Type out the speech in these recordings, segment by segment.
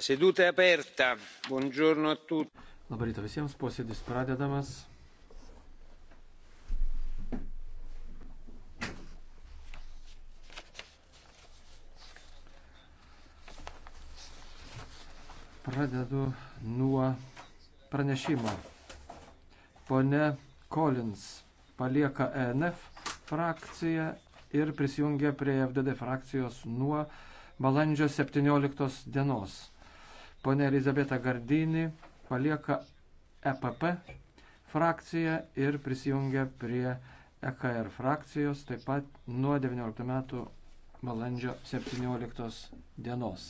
La seduta è aperta. Buongiorno a tutti. Labai ryto visiems posėdis pradedamas. Pradedu nuo pranešimo. Pone Collins palieka ENF frakciją ir prisijungia prie FDD frakcijos nuo balandžio 17 dienos. Pone Elizabeta Gardini palieka EPP frakciją ir prisijungia prie EKR frakcijos taip pat nuo 19 metų balandžio 17 dienos.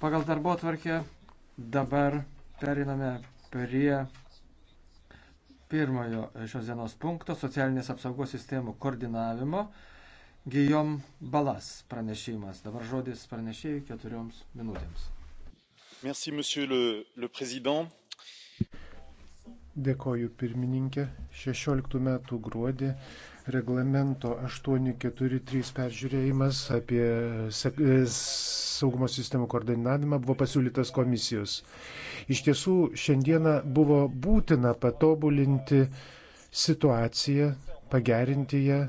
Pagal darbo tvarkę dabar periname prie pirmojo šios dienos punkto socialinės apsaugos sistemų koordinavimo. Gijom Balas pranešimas. Dabar žodis pranešėjai keturioms minutėms. Merci, monsieur le, le président. Dėkoju pirmininkė. 16 metų gruodį reglamento 843 peržiūrėjimas apie e, saugumo sistemų koordinavimą buvo pasiūlytas komisijos. Iš tiesų, šiandieną buvo būtina patobulinti situaciją, pagerinti ją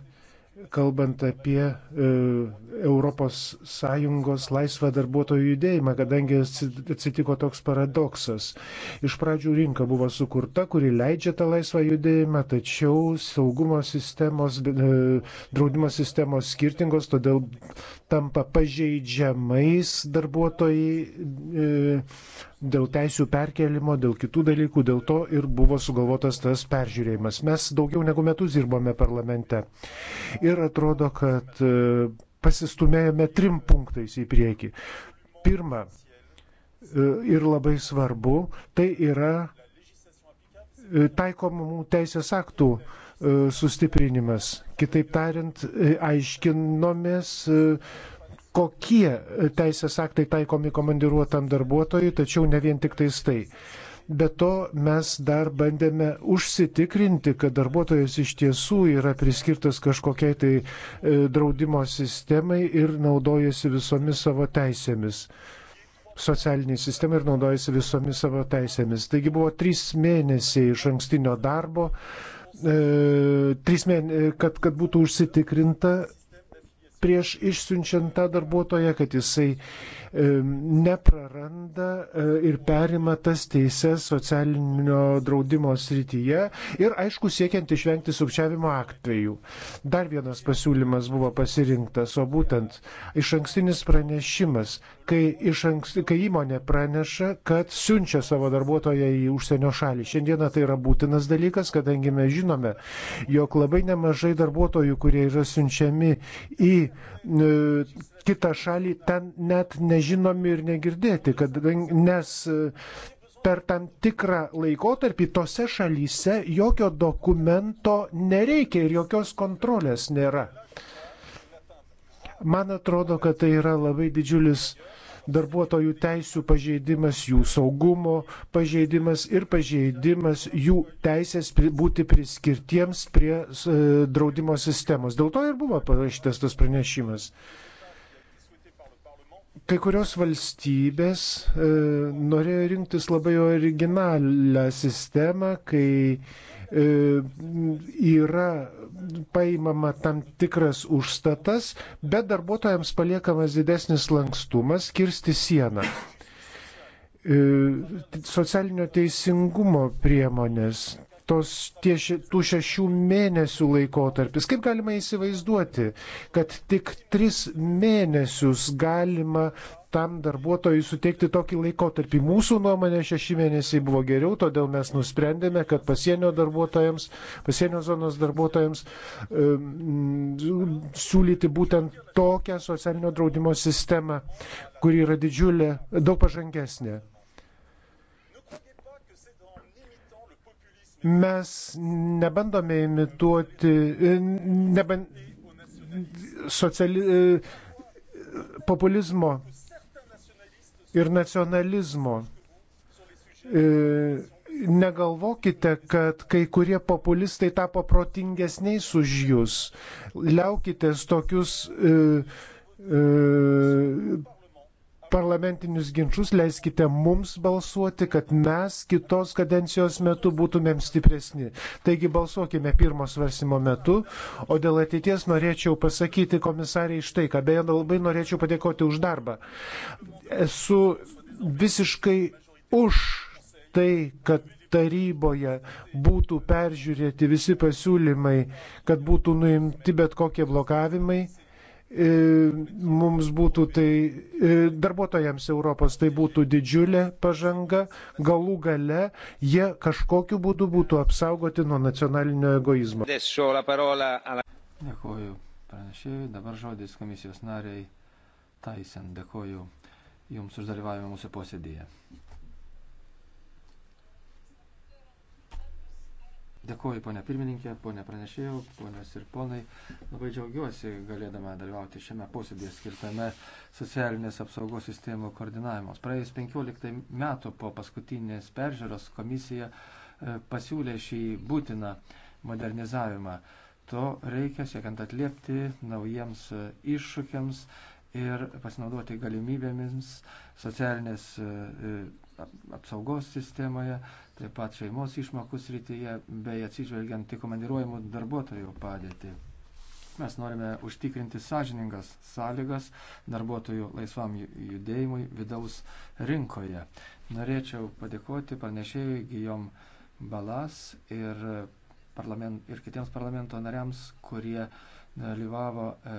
kalbant apie e, ES laisvą darbuotojų judėjimą, kadangi atsitiko toks paradoksas. Iš pradžių rinka buvo sukurta, kuri leidžia tą laisvą judėjimą, tačiau saugumo sistemos, e, draudimo sistemos skirtingos, todėl tampa pažeidžiamais darbuotojai. E, dėl teisų perkelimo, dėl kitų dalykų, dėl to ir buvo sugalvotas tas peržiūrėjimas. Mes daugiau negu metus dirbome parlamente ir atrodo, kad e, pasistumėjome trim punktais į priekį. Pirma, e, ir labai svarbu, tai yra e, taikomų teisės aktų sustiprinimas. Kitaip tariant, aiškinomės kokie teisės aktai taikomi komandiruotam darbuotojui, tačiau ne vien tik tais tai. Be to mes dar bandėme užsitikrinti, kad darbuotojas iš tiesų yra priskirtas kažkokiai tai e, draudimo sistemai ir naudojasi visomis savo teisėmis socialinį sistemą ir naudojasi visomis savo teisėmis. Taigi buvo trys mėnesiai iš ankstinio darbo, e, trys mėnesiai, kad, kad būtų užsitikrinta, prieš išsiunčiant tą darbuotoją, kad jisai nepraranda e, ir perima tas teises socialinio draudimo srityje ir, aišku, siekiant išvengti sukčiavimo atvejų. Dar vienas pasiūlymas buvo pasirinktas, o būtent iš ankstinis pranešimas, kai, iš ankst, kai įmonė praneša, kad siunčia savo darbuotoją į užsienio šalį. Šiandieną tai yra būtinas dalykas, kadangi mes žinome, jog labai nemažai darbuotojų, kurie yra siunčiami į e, kitą šalį ten net nežinomi ir negirdėti, kad, nes e, per tam tikrą laikotarpį tose šalyse jokio dokumento nereikia ir jokios kontrolės nėra. Man atrodo, kad tai yra labai didžiulis darbuotojų teisų pažeidimas, jų saugumo pažeidimas ir pažeidimas jų teisės būti priskirtiems prie e, draudimo sistemos. Dėl to ir buvo parašytas tas pranešimas. Kai kurios valstybės e, norėjo rinktis labai originalią sistemą, kai e, yra paimama tam tikras užstatas, bet darbuotojams paliekamas didesnis lankstumas kirsti sieną. E, socialinio teisingumo priemonės tos, tie, tų šešių mėnesių laikotarpis. Kaip galima įsivaizduoti, kad tik tris mėnesius galima tam darbuotojui suteikti tokį laikotarpį. Mūsų nuomonė šeši mėnesiai buvo geriau, todėl mes nusprendėme, kad pasienio darbuotojams, pasienio zonos darbuotojams um, siūlyti būtent tokią socialinio draudimo sistemą, kuri yra didžiulė, daug pažangesnė. Mes nebandome imituoti e, neban, sociali, e, populizmo ir nacionalizmo. E, negalvokite, kad kai kurie populistai tapo protingesniais už jūs. Liaukitės tokius e, e, parlamentinius ginčius, leiskite mums balsuoti, kad mes kitos kadencijos metu būtumėm stipresni. Taigi balsuokime pirmo svarsimo metu, o dėl ateities norėčiau pasakyti komisariai štai ką, beje, labai norėčiau padėkoti už darbą. Esu visiškai už tai, kad taryboje būtų peržiūrėti visi pasiūlymai, kad būtų nuimti bet kokie blokavimai E, mums būtų tai, e, darbuotojams Europos tai būtų didžiulė pažanga, galų gale jie kažkokiu būdu būtų apsaugoti nuo nacionalinio egoizmo. Dėkuoju pranešėjui, dabar žodis komisijos nariai Taisen, dėkuoju Jums už dalyvavimą mūsų posėdėje. Dėkuoju, ponė pirmininkė, ponė pranešėjau, ponės ir ponai. Labai džiaugiuosi galėdama dalyvauti šiame posėdėje skirtame socialinės apsaugos sistemų koordinavimas. Praėjus 15 metų po paskutinės peržiūros komisija e, pasiūlė šį būtiną modernizavimą. To reikia siekiant atliepti naujiems e, iššūkiams ir pasinaudoti galimybėmis socialinės e, apsaugos sistemoje, taip pat šeimos išmokų srityje, bei atsižvelgiant į komandiruojamų darbuotojų padėtį. Mes norime užtikrinti sąžiningas sąlygas darbuotojų laisvam judėjimui vidaus rinkoje. Norėčiau padėkoti pranešėjui Gijom Balas ir, parlament, ir kitiems parlamento nariams, kurie dalyvavo e,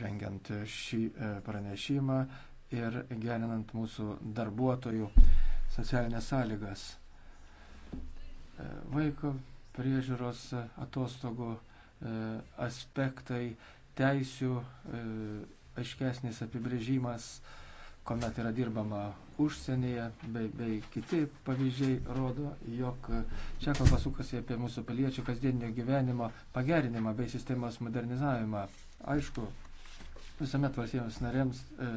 rengiant šį e, pranešimą ir gerinant mūsų darbuotojų socialinės sąlygas. E, vaiko priežiūros atostogų e, aspektai, teisių e, aiškesnis apibrėžimas, kuomet yra dirbama užsienyje, bei, bei kiti pavyzdžiai rodo, jog čia kalba sukasi apie mūsų piliečių kasdieninio gyvenimo pagerinimą bei sistemos modernizavimą. Aišku, Visuomet valstybėms narėms e,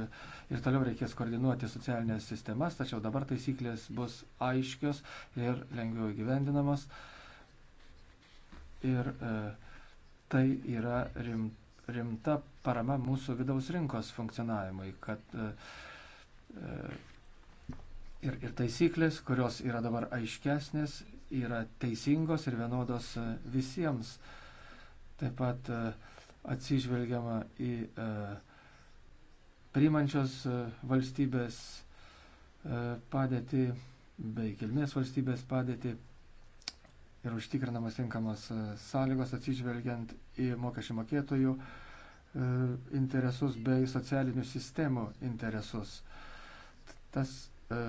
ir toliau reikės koordinuoti socialinės sistemas, tačiau dabar taisyklės bus aiškios ir lengviau gyvendinamos. Ir e, tai yra rim, rimta parama mūsų vidaus rinkos funkcionavimui, kad e, e ir, ir taisyklės, kurios yra dabar aiškesnės, yra teisingos ir vienodos e, visiems. Taip pat e, atsižvelgiama į e, priimančios e, valstybės e, padėtį bei kilmės valstybės padėtį ir užtikrinamas tinkamos e, sąlygos atsižvelgiant į mokesčių mokėtojų e, interesus bei socialinių sistemų interesus. Tas e,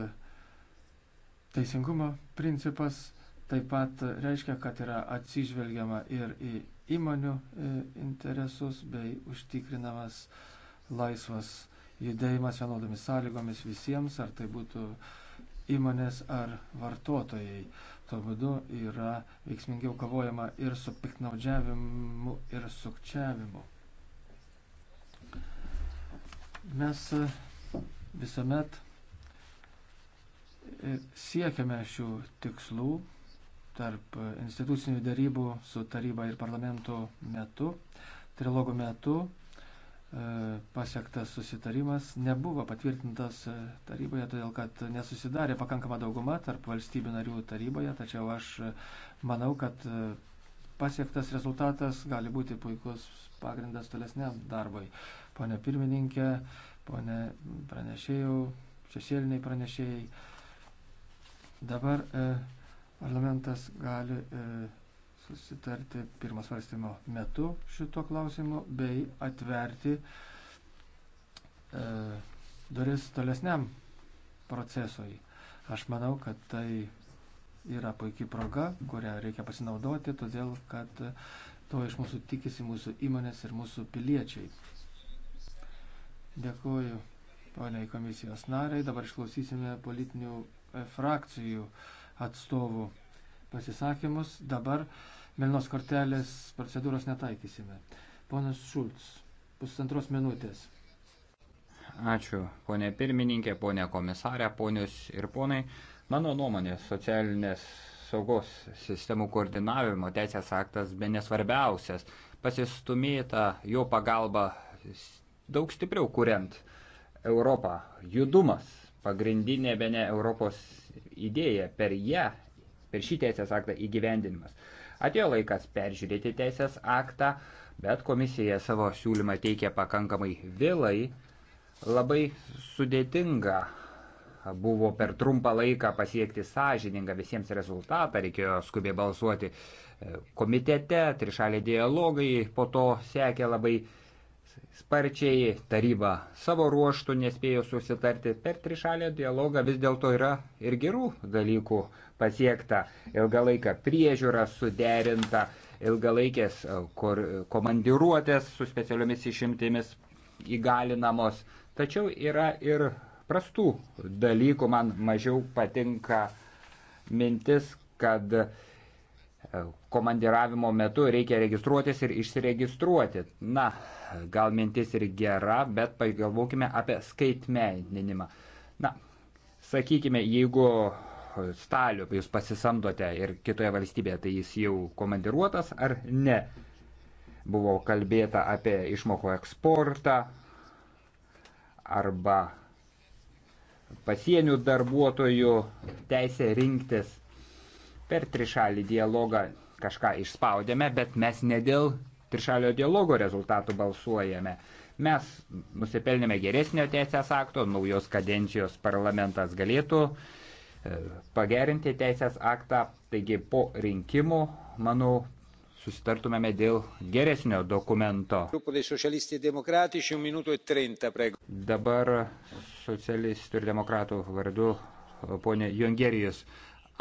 teisingumo principas taip pat reiškia, kad yra atsižvelgiama ir į įmonių e, interesus bei užtikrinamas laisvas judėjimas vienodomis sąlygomis visiems, ar tai būtų įmonės ar vartotojai. Tuo būdu yra veiksmingiau kovojama ir su piknaudžiavimu, ir sukčiavimu. Mes e, visuomet e, siekiame šių tikslų tarp institucinių darybų su taryba ir parlamentu metu, trilogų metu e, pasiektas susitarimas nebuvo patvirtintas taryboje, todėl kad nesusidarė pakankama dauguma tarp valstybių narių taryboje, tačiau aš manau, kad pasiektas rezultatas gali būti puikus pagrindas tolesniam darbui. Pone pirmininkė, pone pranešėjų, šešėliniai pranešėjai. Dabar e, Parlamentas gali e, susitarti pirmas varstymo metu šito klausimu bei atverti e, duris tolesniam procesui. Aš manau, kad tai yra puikiai proga, kurią reikia pasinaudoti, todėl kad to iš mūsų tikisi mūsų įmonės ir mūsų piliečiai. Dėkuoju poniai komisijos nariai. Dabar išklausysime politinių e, frakcijų atstovų pasisakymus. Dabar Melnos kortelės procedūros netaikysime. Ponas Šulc, pusantros minutės. Ačiū, ponė pirmininkė, ponė komisarė, ponius ir ponai. Mano nuomonė, socialinės saugos sistemų koordinavimo teisės aktas be nesvarbiausias. Pasistumėta jo pagalba daug stipriau kuriant Europą. Judumas, pagrindinė be ne Europos idėja, per ją, per šį teisės aktą įgyvendinimas. Atėjo laikas peržiūrėti teisės aktą, bet komisija savo siūlymą teikia pakankamai vėlai. Labai sudėtinga buvo per trumpą laiką pasiekti sąžiningą visiems rezultatą, reikėjo skubiai balsuoti e, komitete, trišalė dialogai, po to sekė labai sparčiai, taryba savo ruoštų nespėjo susitarti per trišalę dialogą, vis dėlto yra ir gerų dalykų pasiekta, ilgą laiką priežiūra suderinta, ilgalaikės komandiruotės su specialiomis išimtimis įgalinamos, tačiau yra ir prastų dalykų, man mažiau patinka mintis, kad e, komandiravimo metu reikia registruotis ir išsiregistruoti. Na, gal mintis ir gera, bet pagalvokime apie skaitmeninimą. Na, sakykime, jeigu stalių jūs pasisamdote ir kitoje valstybėje, tai jis jau komandiruotas ar ne. Buvo kalbėta apie išmoko eksportą arba pasienių darbuotojų teisę rinktis per trišalį dialogą kažką išspaudėme, bet mes ne dėl trišalio dialogo rezultatų balsuojame. Mes nusipelnėme geresnio teisės akto, naujos kadencijos parlamentas galėtų e, pagerinti teisės aktą, taigi po rinkimų, manau, susitartumėme dėl geresnio dokumento. E e Dabar socialistų ir demokratų vardu ponė Jongerijus.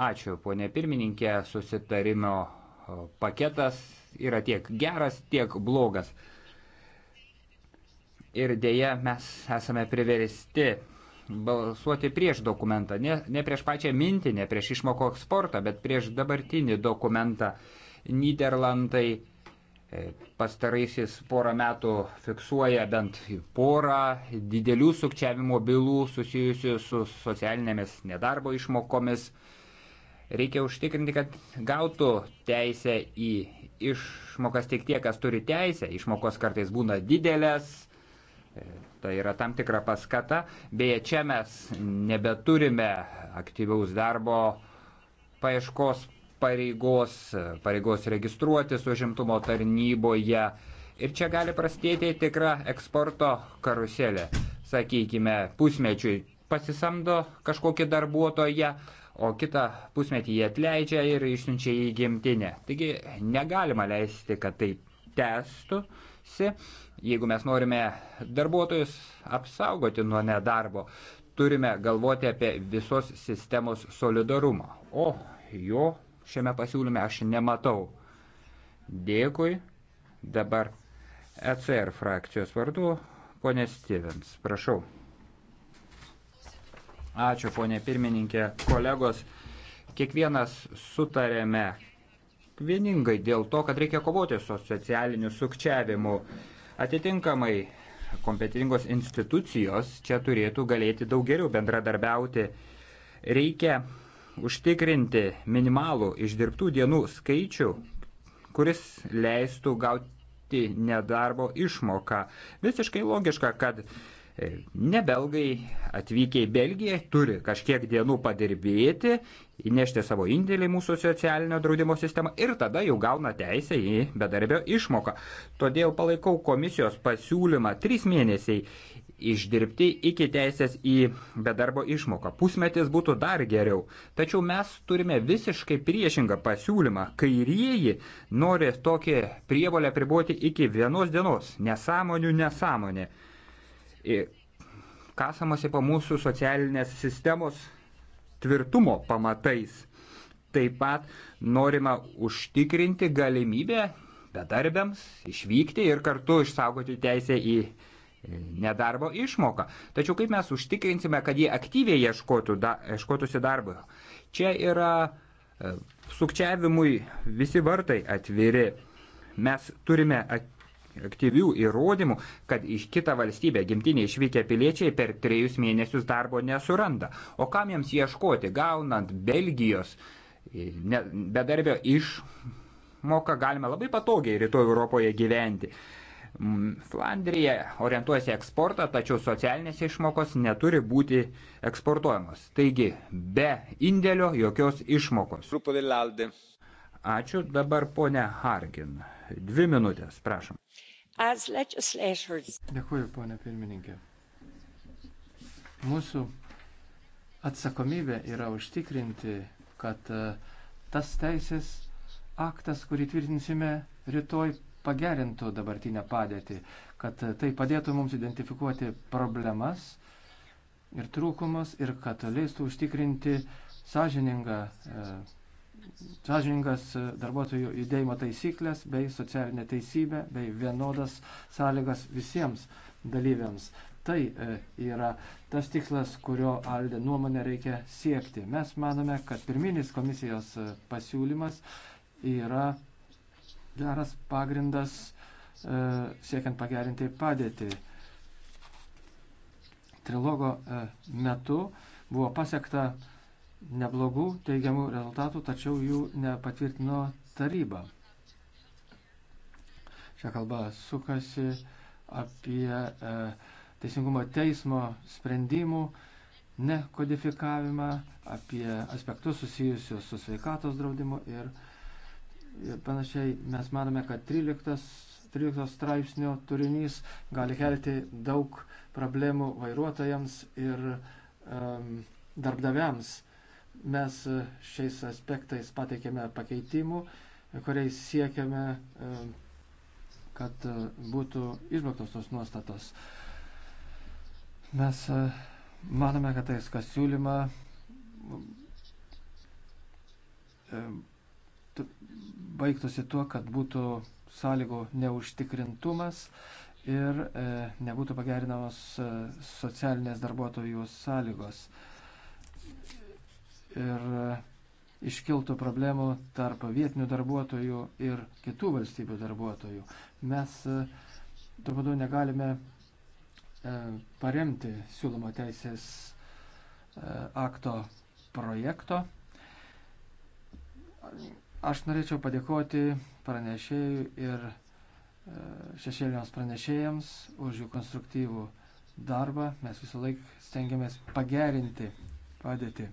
Ačiū, ponė pirmininkė, susitarimo paketas yra tiek geras, tiek blogas. Ir dėja mes esame priversti balsuoti prieš dokumentą, ne, ne prieš pačią mintį, ne prieš išmoko eksportą, bet prieš dabartinį dokumentą. Niderlandai e, pastaraisiais porą metų fiksuoja bent porą didelių sukčiavimo bylų susijusių su socialinėmis nedarbo išmokomis. Reikia užtikrinti, kad gautų teisę į išmokas tik tie, kas turi teisę. Išmokos kartais būna didelės, e, tai yra tam tikra paskata. Beje, čia mes nebeturime aktyvaus darbo paieškos pareigos, e, pareigos registruotis užimtumo tarnyboje. Ir čia gali prasidėti tikra eksporto karuselė. Sakykime, pusmečiui pasisamdo kažkokį darbuotoją, o kitą pusmetį jį atleidžia ir išsiunčia į gimtinę. Taigi negalima leisti, kad tai tęstųsi, jeigu mes norime darbuotojus apsaugoti nuo nedarbo. Turime galvoti apie visos sistemos solidarumą, o jo šiame pasiūlyme aš nematau. Dėkui. Dabar ECR frakcijos vardu ponė Stevens. Prašau. Ačiū, ponė pirmininkė, kolegos. Kiekvienas sutarėme vieningai dėl to, kad reikia kovoti su socialiniu sukčiavimu. Atitinkamai kompetingos institucijos čia turėtų galėti daug geriau bendradarbiauti. Reikia užtikrinti minimalų išdirbtų dienų skaičių, kuris leistų gauti nedarbo išmoką. Visiškai logiška, kad E, ne belgai atvykę į Belgiją turi kažkiek dienų padirbėti, įnešti savo indėlį į mūsų socialinio draudimo sistemą ir tada jau gauna teisę į bedarbio išmoką. Todėl palaikau komisijos pasiūlymą 3 mėnesiai išdirbti iki teisės į bedarbo išmoką. Pusmetis būtų dar geriau. Tačiau mes turime visiškai priešingą pasiūlymą. Kairieji nori tokią prievolę pribuoti iki vienos dienos. Nesąmonių nesąmonė. nesąmonė kasamasi po mūsų socialinės sistemos tvirtumo pamatais. Taip pat norima užtikrinti galimybę bedarbiams išvykti ir kartu išsaugoti teisę į e, nedarbo išmoką. Tačiau kaip mes užtikrinsime, kad jie aktyviai ieškotų, da, ieškotųsi darbo? Čia yra e, sukčiavimui visi vartai atviri. Mes turime at, aktyvių įrodymų, kad iš kitą valstybę gimtinė išvykę piliečiai per trejus mėnesius darbo nesuranda. O kam jiems ieškoti, gaunant Belgijos e, ne, bedarbio išmoką, galime labai patogiai rytoj Europoje gyventi. Flandrija orientuojasi eksportą, tačiau socialinės išmokos neturi būti eksportuojamos. Taigi, be indėlio jokios išmokos. Ačiū dabar ponia Hargin. Dvi minutės, prašom. Dėkuoju, ponė pirmininkė. Mūsų atsakomybė yra užtikrinti, kad e, tas teisės aktas, kurį tvirtinsime rytoj, pagerintų dabartinę padėtį, kad e, tai padėtų mums identifikuoti problemas ir trūkumus ir kad leistų užtikrinti sąžiningą e, sąžiningas e, darbuotojų judėjimo taisyklės bei socialinė teisybė bei vienodas sąlygas visiems dalyviams. Tai e, yra tas tikslas, kurio Aldė nuomonė reikia siekti. Mes manome, kad pirminis komisijos e, pasiūlymas yra geras pagrindas siekiant pagerinti padėtį. Trilogo metu buvo pasiekta neblogų teigiamų rezultatų, tačiau jų nepatvirtino taryba. Čia kalba sukasi apie e, teisingumo teismo sprendimų nekodifikavimą, apie aspektus susijusius su sveikatos draudimu ir, ir panašiai. Mes manome, kad 13, 13 straipsnio turinys gali kelti daug problemų vairuotojams ir um, darbdaviams. Uh, Mes e, šiais aspektais pateikėme pakeitimų, kuriais siekiame, e, kad e, būtų išbrauktos tos nuostatos. Mes manome, kad tai skas siūlyma baigtųsi tuo, kad būtų sąlygų neužtikrintumas ir nebūtų pagerinamos socialinės darbuotojų sąlygos ir e, iškiltų problemų tarp vietinių darbuotojų ir kitų valstybių darbuotojų. Mes e, tuo būdu negalime e, paremti siūlomo teisės akto projekto. Aš norėčiau padėkoti pranešėjui ir šešėliniams pranešėjams už jų konstruktyvų darbą. Mes visą laiką stengiamės pagerinti padėtį.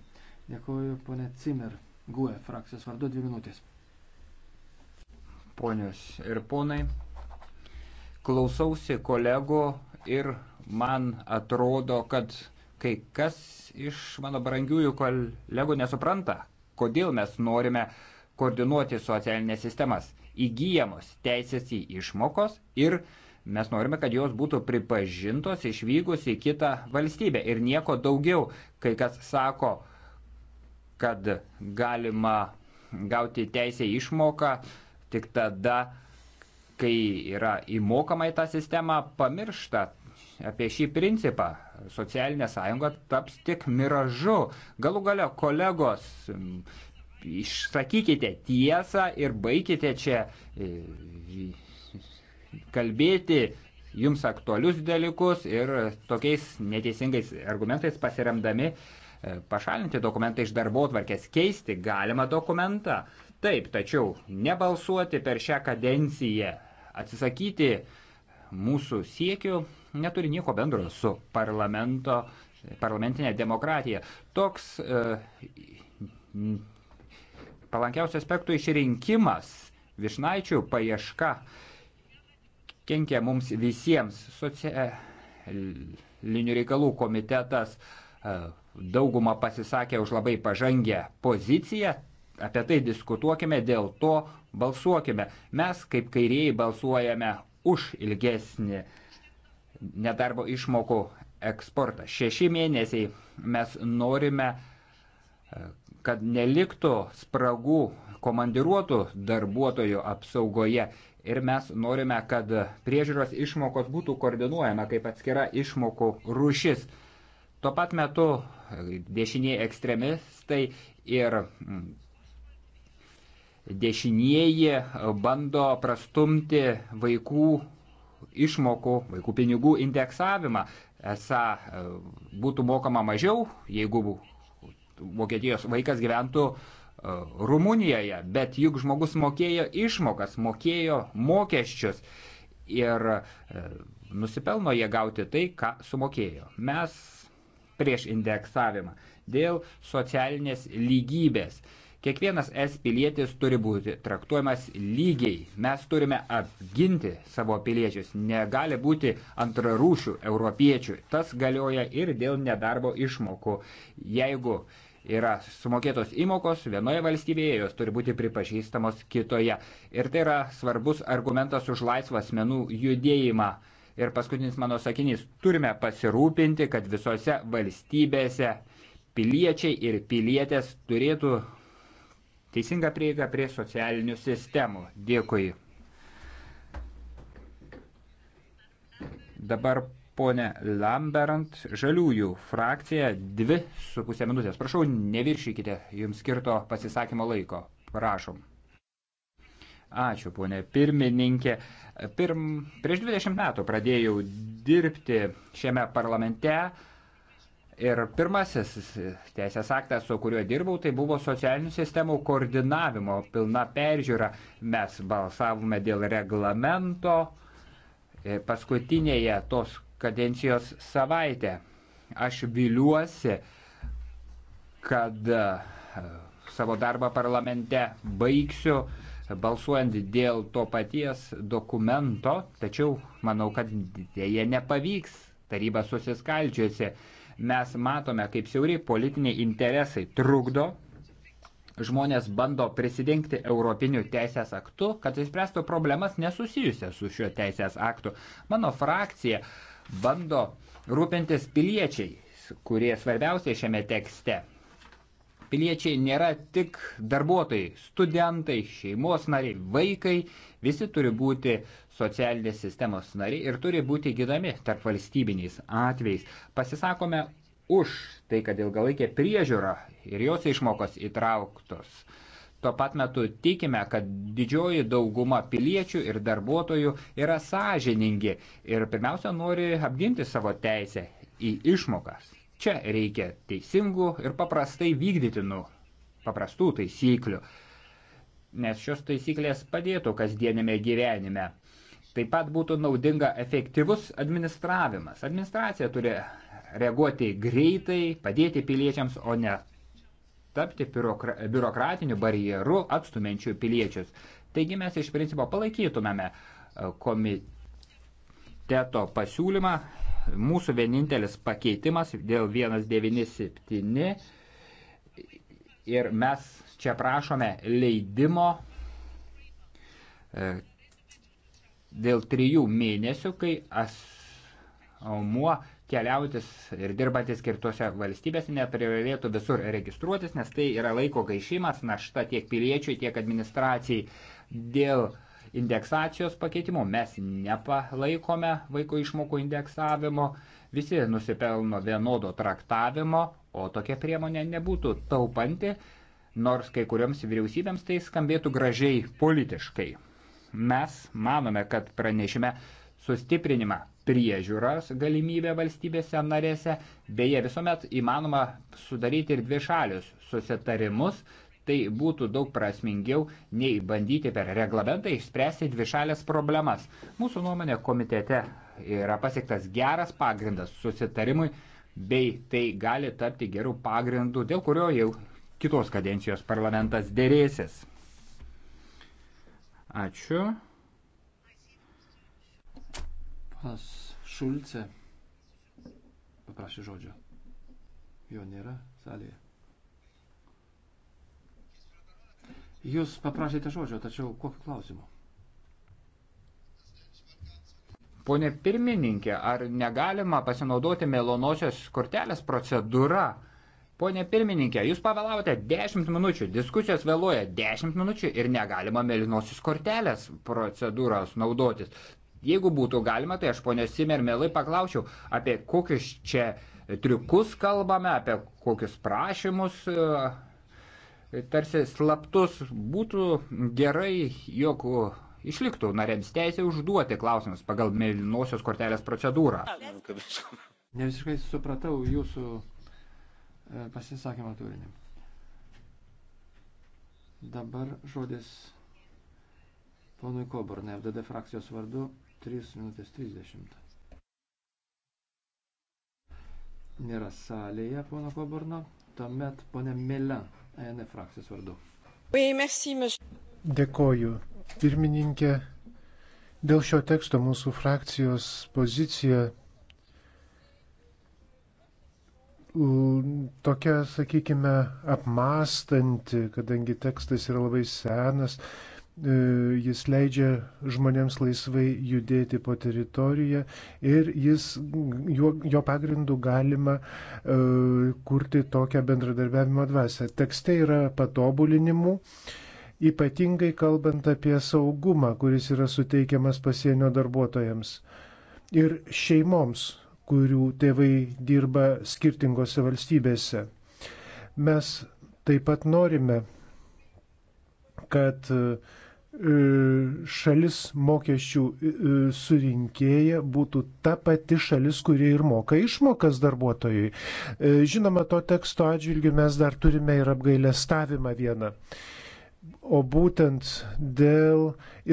Dėkuoju, ponė Cimer. Guė, frakcijos vardu, dvi minutės. Ponios ir ponai, klausausi kolego ir man atrodo, kad kai kas iš mano brangiųjų kolegų nesupranta, kodėl mes norime koordinuoti socialinės sistemas, įgyjamos teisės į išmokos ir mes norime, kad jos būtų pripažintos išvykus į kitą valstybę ir nieko daugiau, kai kas sako, kad galima gauti teisę išmoką tik tada, kai yra įmokama į tą sistemą, pamiršta apie šį principą. Socialinė sąjunga taps tik miražu. Galų gale, kolegos, išsakykite tiesą ir baikite čia e, kalbėti jums aktualius dalykus ir tokiais neteisingais argumentais pasiremdami pašalinti dokumentą iš darbo tvarkės, keisti galima dokumentą. Taip, tačiau nebalsuoti per šią kadenciją, atsisakyti mūsų siekių neturi nieko bendro su parlamento, parlamentinė demokratija. Toks e, palankiausių aspektų išrinkimas, višnaičių paieška kenkia mums visiems. Socialinių reikalų komitetas e, dauguma pasisakė už labai pažangę poziciją, apie tai diskutuokime, dėl to balsuokime. Mes kaip kairieji balsuojame už ilgesnį nedarbo išmokų eksportą. Šeši mėnesiai mes norime, kad neliktų spragų komandiruotų darbuotojų apsaugoje. Ir mes norime, kad priežiūros išmokos būtų koordinuojama kaip atskira išmokų rušis. Tuo pat metu dešiniai ekstremistai ir mm, dešinieji bando prastumti vaikų išmokų, vaikų pinigų indeksavimą. Esą e, būtų mokama mažiau, jeigu Vokietijos vaikas gyventų e, Rumunijoje, bet juk žmogus mokėjo išmokas, mokėjo mokesčius ir e, nusipelno jie gauti tai, ką sumokėjo. Mes prieš indeksavimą. Dėl socialinės lygybės. Kiekvienas es pilietis turi būti traktuojamas lygiai. Mes turime apginti savo piliečius. Negali būti antrarūšių europiečių. Tas galioja ir dėl nedarbo išmokų. Jeigu yra sumokėtos įmokos vienoje valstybėje, jos turi būti pripažįstamos kitoje. Ir tai yra svarbus argumentas už laisvą asmenų judėjimą. Ir paskutinis mano sakinys, turime pasirūpinti, kad visose valstybėse piliečiai ir pilietės turėtų teisingą prieigą prie socialinių sistemų. Dėkui. Dabar ponė Lamberant, žaliųjų frakcija, dvi su pusė minutės. Prašau, neviršykite jums skirto pasisakymo laiko. Prašom. Ačiū, ponė pirmininkė. Pirm, prieš 20 metų pradėjau dirbti šiame parlamente ir pirmasis teisės aktas, su kuriuo dirbau, tai buvo socialinių sistemų koordinavimo pilna peržiūra. Mes balsavome dėl reglamento e, paskutinėje tos kadencijos savaitę. Aš viliuosi, kad e, savo darbą parlamente baigsiu balsuojant dėl to paties dokumento, tačiau manau, kad dėje nepavyks, taryba susiskaldžiusi. Mes matome, kaip siauri politiniai interesai trukdo, žmonės bando prisidengti europiniu teisės aktu, kad išspręstų problemas nesusijusias su šiuo teisės aktu. Mano frakcija bando rūpintis piliečiai, kurie svarbiausia šiame tekste. Piliečiai nėra tik darbuotojai, studentai, šeimos nariai, vaikai, visi turi būti socialinės sistemos nariai ir turi būti gydami tarp valstybiniais atvejais. Pasisakome už tai, kad ilgalaikė priežiūra ir jos išmokos įtrauktos. Tuo pat metu tikime, kad didžioji dauguma piliečių ir darbuotojų yra sąžiningi ir pirmiausia nori apginti savo teisę į išmokas. Čia reikia teisingų ir paprastai vykdytinų, paprastų taisyklių, nes šios taisyklės padėtų kasdienėme gyvenime. Taip pat būtų naudinga efektyvus administravimas. Administracija turi reaguoti greitai, padėti piliečiams, o ne tapti biurokratiniu barjeru atstumiančiu piliečius. Taigi mes iš principo palaikytumėme e, komiteto pasiūlymą mūsų vienintelis pakeitimas dėl 197 ir mes čia prašome leidimo e, dėl trijų mėnesių, kai asmuo keliautis ir dirbantis skirtose valstybėse neprivalėtų visur registruotis, nes tai yra laiko gaišimas, našta tiek piliečiui, tiek administracijai dėl indeksacijos pakeitimo. Mes nepalaikome vaiko išmokų indeksavimo, visi nusipelno vienodo traktavimo, o tokia priemonė nebūtų taupanti, nors kai kurioms vyriausybėms tai skambėtų gražiai politiškai. Mes manome, kad pranešime sustiprinimą priežiūros galimybę valstybėse narėse, beje visuomet įmanoma sudaryti ir dvišalius susitarimus, Tai būtų daug prasmingiau nei bandyti per reglamentą išspręsti dvišalės problemas. Mūsų nuomonė komitete yra pasiektas geras pagrindas susitarimui, bei tai gali tapti gerų pagrindų, dėl kurio jau kitos kadencijos parlamentas dėrėsis. Ačiū. Pas Šulce paprašė žodžio. Jo nėra salėje. Jūs paprašėte žodžio, tačiau kokiu klausimu? Pone pirmininkė, ar negalima pasinaudoti melonosios kortelės procedūra? Pone pirmininkė, jūs pavėlavote 10 minučių, diskusijos vėluoja 10 minučių ir negalima melinosios kortelės procedūros naudotis. Jeigu būtų galima, tai aš ponė Simer mielai paklaučiau, apie kokius čia triukus kalbame, apie kokius prašymus tarsi slaptus, būtų gerai, jog išliktų narėms teisė užduoti klausimus pagal mėlynosios kortelės procedūrą. Ne visiškai supratau jūsų e, pasisakymą turinį. Dabar žodis ponui Koborne, FDD frakcijos vardu 3 minutės 30. Nėra salėje pono Koborno, tuomet ponė Mėlė ENF frakcijos vardu. Dėkoju, pirmininkė. Dėl šio teksto mūsų frakcijos pozicija tokia, sakykime, apmastanti, kadangi tekstas yra labai senas E, jis leidžia žmonėms laisvai judėti po teritoriją ir jis, jo, jo pagrindu galima uh, kurti tokią bendradarbiavimo dvasę. Tekste yra patobulinimų, ypatingai kalbant apie saugumą, kuris yra suteikiamas pasienio darbuotojams ir šeimoms, kurių tėvai dirba skirtingose valstybėse. Mes taip pat norime, kad uh, E, šalis mokesčių e, e, surinkėja būtų ta pati šalis, kuri ir moka išmokas darbuotojui. Žinoma, to teksto atžvilgiu mes dar turime ir apgailestavimą vieną. O būtent dėl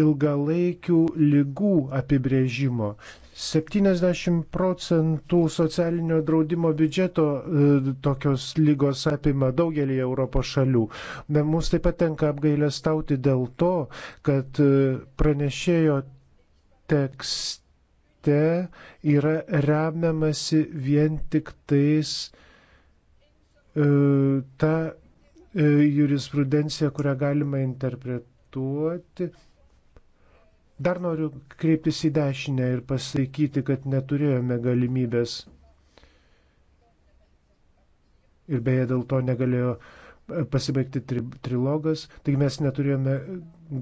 ilgalaikių lygų apibrėžimo. 70 procentų socialinio draudimo biudžeto e, tokios lygos apima daugelį Europos šalių. Bet mums taip pat tenka apgailestauti dėl to, kad e, pranešėjo tekste yra remiamasi vien tik tais e, ta jurisprudencija, kurią galima interpretuoti Dar noriu kreiptis į dešinę ir pasakyti, kad neturėjome galimybės. Ir beje, dėl to negalėjo e, pasibaigti tri trilogas, taigi mes neturėjome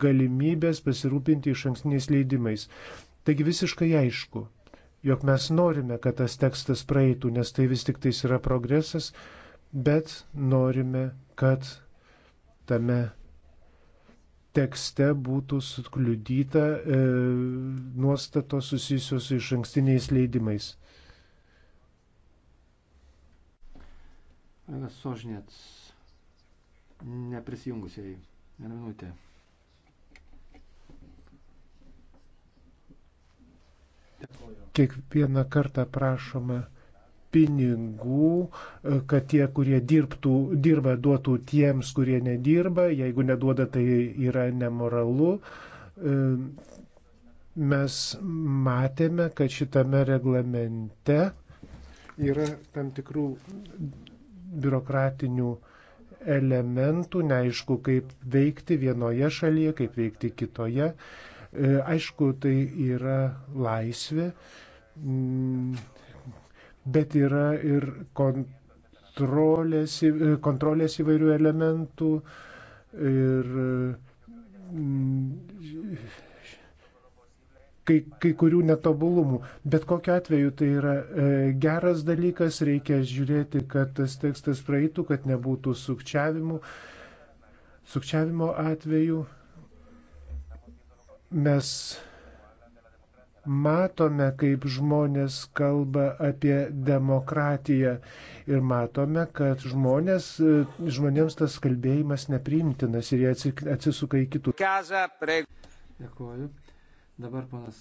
galimybės pasirūpinti iš ankstiniais leidimais. Taigi visiškai aišku, jog mes norime, kad tas tekstas praeitų, nes tai vis tik tais yra progresas, bet norime, kad tame tekste būtų sukliudyta e, nuostatos susijusios su iš ankstiniais leidimais. Sožnėts neprisijungusiai. Vieną minutę. Kiekvieną kartą prašome pinigų, e, kad tie, kurie dirbtų, dirba, duotų tiems, kurie nedirba, jeigu neduoda, tai yra nemoralu. E, mes matėme, kad šitame reglamente yra tam tikrų biurokratinių elementų, neaišku, kaip veikti vienoje šalyje, kaip veikti kitoje. E, aišku, tai yra laisvė mm, bet yra ir kontrolės, kontrolės įvairių elementų ir mm, kai, kai kurių netobulumų. Bet kokiu atveju tai yra e, geras dalykas, reikia žiūrėti, kad tas tekstas praeitų, kad nebūtų sukčiavimų. Sukčiavimo atveju mes matome, kaip žmonės kalba apie demokratiją ir matome, kad žmonės, žmonėms tas kalbėjimas nepriimtinas ir jie atsisuka į kitų. Dėkuoju. Dabar panas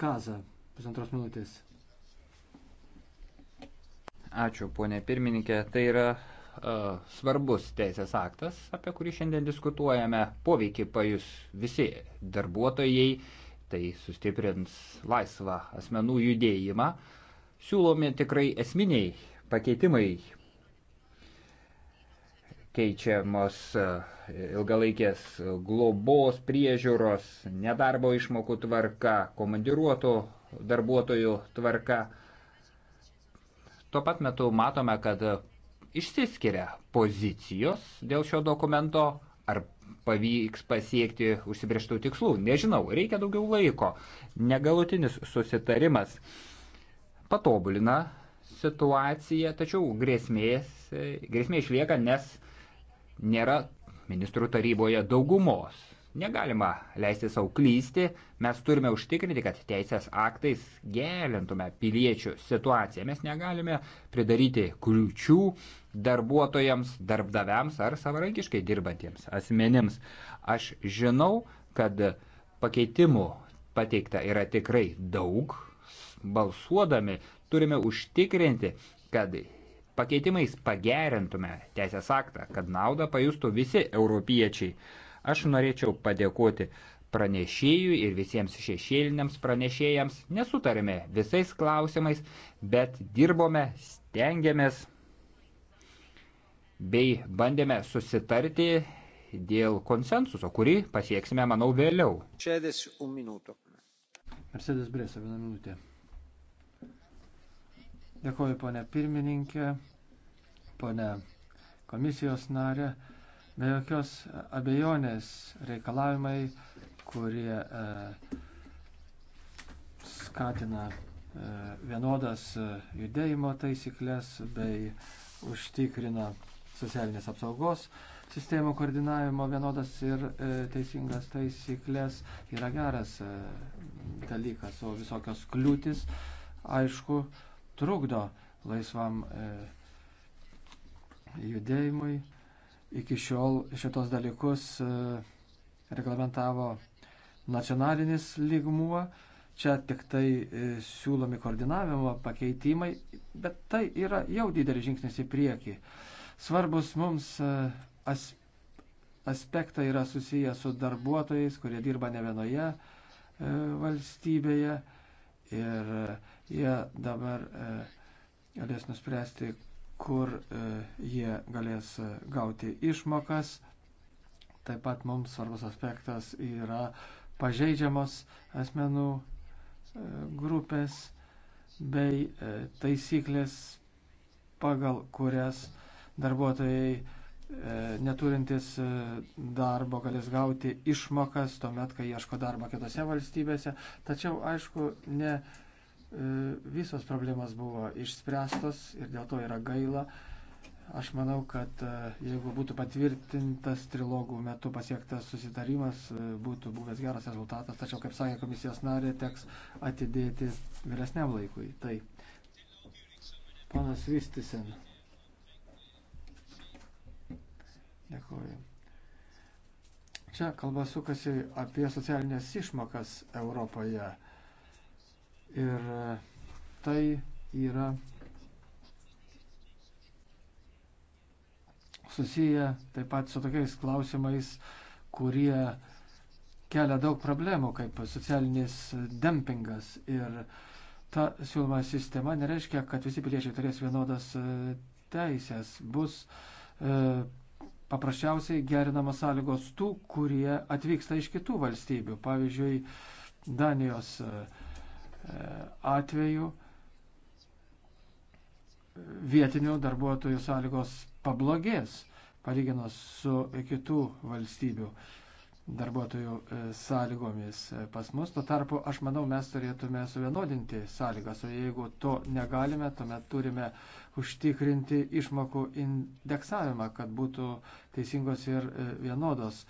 Kaza, e, pusantros minutės. Ačiū, ponė pirmininkė. Tai yra E, svarbus teisės aktas, apie kurį šiandien diskutuojame. Poveikį pajus visi darbuotojai, tai sustiprins laisvą asmenų judėjimą. Siūlomi tikrai esminiai pakeitimai. Keičiamos e, ilgalaikės globos, priežiūros, nedarbo išmokų tvarka, komandiruotų darbuotojų tvarka. Tuo pat metu matome, kad išsiskiria pozicijos dėl šio dokumento, ar pavyks pasiekti užsibrieštų tikslų. Nežinau, reikia daugiau laiko. Negalutinis susitarimas patobulina situaciją, tačiau grėsmės, grėsmė išlieka, nes nėra ministrų taryboje daugumos. Negalima leisti savo klysti, mes turime užtikrinti, kad teisės aktais gerintume piliečių situaciją. Mes negalime pridaryti kliučių darbuotojams, darbdaviams ar savarankiškai dirbantiems asmenims. Aš žinau, kad pakeitimų pateikta yra tikrai daug. Balsuodami turime užtikrinti, kad pakeitimais pagerintume teisės aktą, kad naudą pajustų visi europiečiai. Aš norėčiau padėkoti pranešėjui ir visiems šešėliniams pranešėjams. Nesutarėme visais klausimais, bet dirbome, stengiamės bei bandėme susitarti dėl konsensuso, kurį pasieksime, manau, vėliau. Mercedes, un minuto. Mercedes Bresa, vieną minutę. Dėkuoju, ponė pirmininkė, ponė komisijos narė. Be jokios abejonės reikalavimai, kurie e, skatina e, vienodas e, judėjimo taisyklės bei užtikrina socialinės apsaugos sistemų koordinavimo vienodas ir e, teisingas taisyklės yra geras e, dalykas, o visokios kliūtis, aišku, trukdo laisvam e, judėjimui Iki šiol šitos dalykus e, reglamentavo nacionalinis lygmuo, čia tik tai e, siūlomi koordinavimo pakeitimai, bet tai yra jau didelis žingsnis į priekį. Svarbus mums e, as, aspektai yra susiję su darbuotojais, kurie dirba ne vienoje e, valstybėje ir jie dabar e, galės nuspręsti, kur e, jie galės gauti išmokas. Taip pat mums svarbus aspektas yra pažeidžiamos asmenų e, grupės bei e, taisyklės, pagal kurias darbuotojai neturintis darbo galės gauti išmokas tuomet, kai ieško darbo kitose valstybėse. Tačiau, aišku, ne E, visos problemas buvo išspręstos ir dėl to yra gaila. Aš manau, kad e, jeigu būtų patvirtintas trilogų metu pasiektas susitarimas, e, būtų buvęs geras rezultatas, tačiau, kaip sakė komisijos narė, teks atidėti vėlesniam laikui. Tai panas Vistisen. Dėkuoju. Čia kalba sukasi apie socialinės išmokas Europoje. Ir tai yra susiję taip pat su tokiais klausimais, kurie kelia daug problemų, kaip socialinis dempingas. Ir ta siūloma sistema nereiškia, kad visi piliečiai turės vienodas e, teisės. Bus e, paprasčiausiai gerinamos sąlygos tų, kurie atvyksta iš kitų valstybių. Pavyzdžiui, Danijos. E, atveju vietinių darbuotojų sąlygos pablogės palyginus su kitų valstybių darbuotojų e, sąlygomis pas mus. Tuo tarpu, aš manau, mes turėtume suvienodinti sąlygas, o jeigu to negalime, tuomet turime užtikrinti išmokų indeksavimą, kad būtų teisingos ir e, vienodos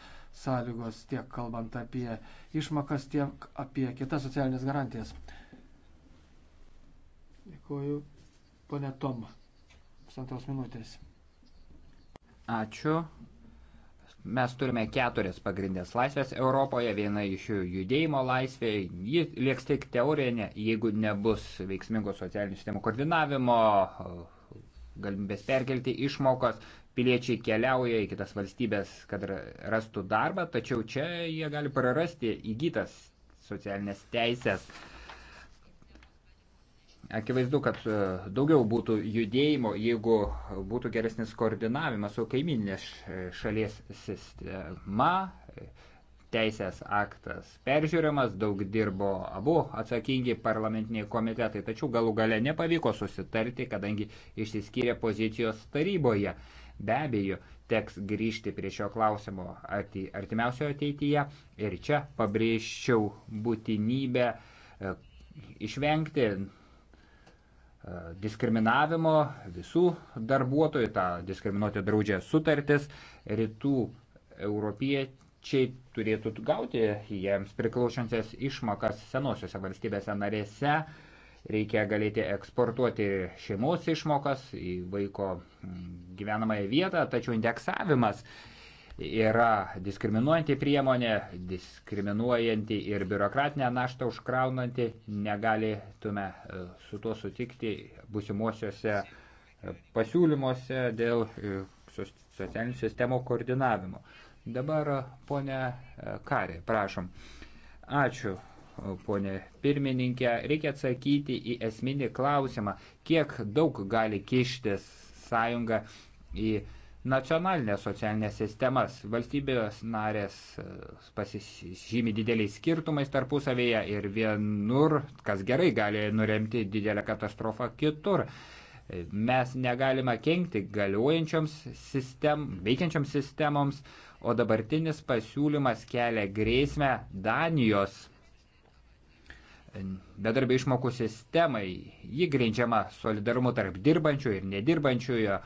sąlygos tiek kalbant apie išmokas, tiek apie kitas socialinės garantijas. Dėkuoju, ponė Toma. Pusantros minutės. Ačiū. Mes turime keturias pagrindės laisvės Europoje, viena iš jų judėjimo laisvė, ji lieks tik teorinė, jeigu nebus veiksmingo socialinių sistemų koordinavimo, galimybės perkelti išmokas, piliečiai keliauja į kitas valstybės, kad rastų darbą, tačiau čia jie gali prarasti įgytas socialinės teisės. Akivaizdu, kad e, daugiau būtų judėjimo, jeigu būtų geresnis koordinavimas su kaiminės e, šalies sistema, teisės aktas peržiūrimas, daug dirbo abu atsakingi parlamentiniai komitetai, tačiau galų gale nepavyko susitarti, kadangi išsiskyrė pozicijos taryboje. Be abejo, teks grįžti prie šio klausimo artimiausioje ateityje ir čia pabrėžčiau būtinybę e, išvengti diskriminavimo visų darbuotojų, tą diskriminuoti draudžia sutartis, rytų europiečiai turėtų gauti jiems priklausančias išmokas senosiuose valstybėse narėse, reikia galėti eksportuoti šeimos išmokas į vaiko gyvenamąją vietą, tačiau indeksavimas yra diskriminuojanti priemonė, diskriminuojanti ir biurokratinę naštą užkraunanti, negalėtume e, su tuo sutikti busimuosiuose e, pasiūlymuose dėl e, socialinių sistemų koordinavimo. Dabar ponė Kari, prašom. Ačiū, ponė pirmininkė. Reikia atsakyti į esminį klausimą, kiek daug gali kištis sąjunga į nacionalinės socialinės sistemas. Valstybės narės e, pasižymi dideliais skirtumais tarpusavėje ir vienur, kas gerai, gali nuremti didelę katastrofą kitur. E, mes negalime kenkti galiuojančioms sistem, veikiančioms sistemoms, o dabartinis pasiūlymas kelia grėsmę Danijos e, bedarbio išmokų sistemai. Ji grindžiama solidarumu tarp dirbančių ir nedirbančiųjo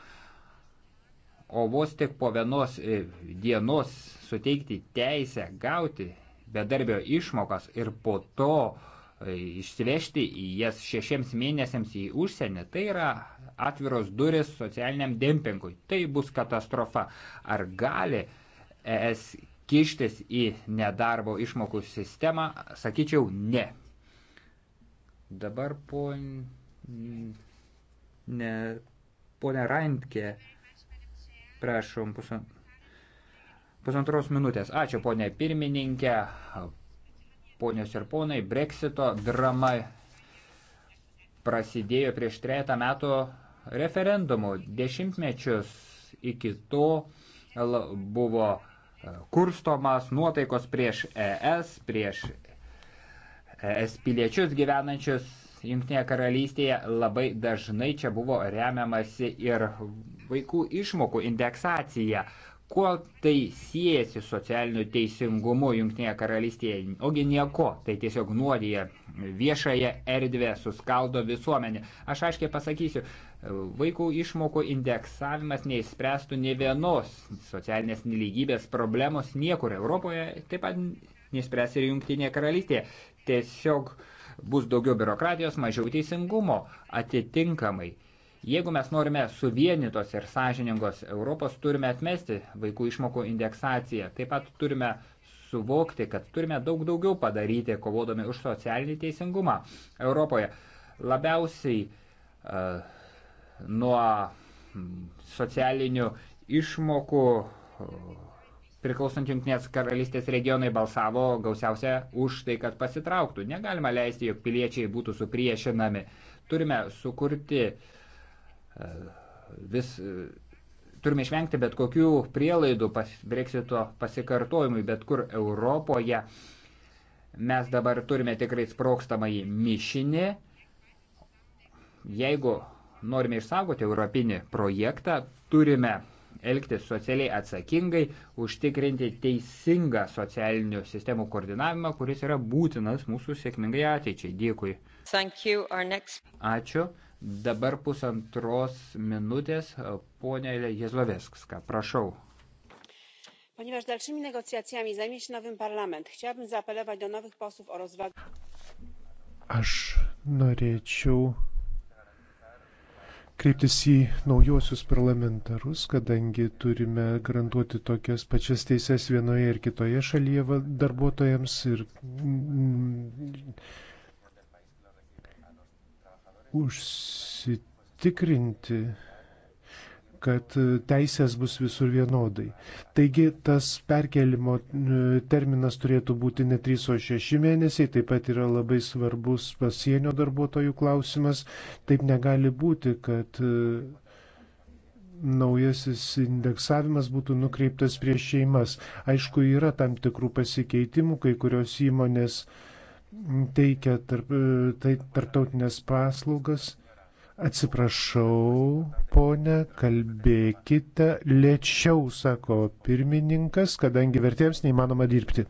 o vos tik po vienos e, dienos suteikti teisę gauti bedarbio išmokas ir po to e, išsivežti jas šešiems mėnesiams į užsienį, tai yra atviros duris socialiniam dempingui. Tai bus katastrofa. Ar gali ES kištis į nedarbo išmokų sistemą? Sakyčiau, ne. Dabar ponė, ponė Rantke Prašom pusantros minutės. Ačiū, ponė pirmininkė, ponios ir ponai, Brexito drama prasidėjo prieš trejata metų referendumu. Dešimtmečius iki to buvo e, kurstomas nuotaikos prieš ES, prieš ES piliečius gyvenančius Junktinėje karalystėje labai dažnai čia buvo remiamasi ir vaikų išmokų indeksacija. Kuo tai siejasi socialiniu teisingumu Junktinėje karalystėje? Ogi nieko, tai tiesiog nuodija viešąją erdvę, suskaldo visuomenį. Aš aiškiai pasakysiu, vaikų išmokų indeksavimas neįspręstų ne vienos socialinės nelygybės problemos niekur Europoje, taip pat neįspręs ir Junktinėje karalystėje. Tiesiog uh, bus daugiau biurokratijos, mažiau teisingumo atitinkamai. Jeigu mes norime suvienytos ir sąžiningos Europos, turime atmesti vaikų išmokų indeksaciją. Taip pat turime suvokti, kad turime daug daugiau padaryti, kovodami už socialinį teisingumą Europoje. Labiausiai uh, nuo socialinių išmokų uh, priklausant Junktinės karalystės regionai balsavo gausiausia už tai, kad pasitrauktų. Negalima leisti, jog piliečiai būtų supriešinami. Turime sukurti e, vis. E, turime išvengti bet kokių prielaidų pas, breksito pasikartojimui, bet kur Europoje mes dabar turime tikrai sprokstamąjį mišinį. Jeigu norime išsaugoti europinį projektą, turime elgtis socialiai atsakingai, užtikrinti teisingą socialinių sistemų koordinavimą, kuris yra būtinas mūsų sėkmingai ateičiai. Dėkui. Next... Ačiū. Dabar pusantros minutės ponė Jezloveskas. Prašau. Ponieważ dalszymi negocjacjami zajmie się nowym parlament, chciałabym zaapelować do nowych posłów o rozwagę. Aš norėčiau kreiptis į naujosius parlamentarus, kadangi turime garantuoti tokias pačias teises vienoje ir kitoje šalyje darbuotojams ir mm, užsitikrinti kad e, teisės bus visur vienodai. Taigi tas perkelimo e, terminas turėtų būti ne 3, o 6 mėnesiai, taip pat yra labai svarbus pasienio darbuotojų klausimas. Taip negali būti, kad e, naujasis indeksavimas būtų nukreiptas prieš šeimas. Aišku, yra tam tikrų pasikeitimų, kai kurios įmonės teikia tarp, tai, tarptautinės paslaugas Atsiprašau, ponė, kalbėkite lėčiau, sako pirmininkas, kadangi vertėjams neįmanoma dirbti.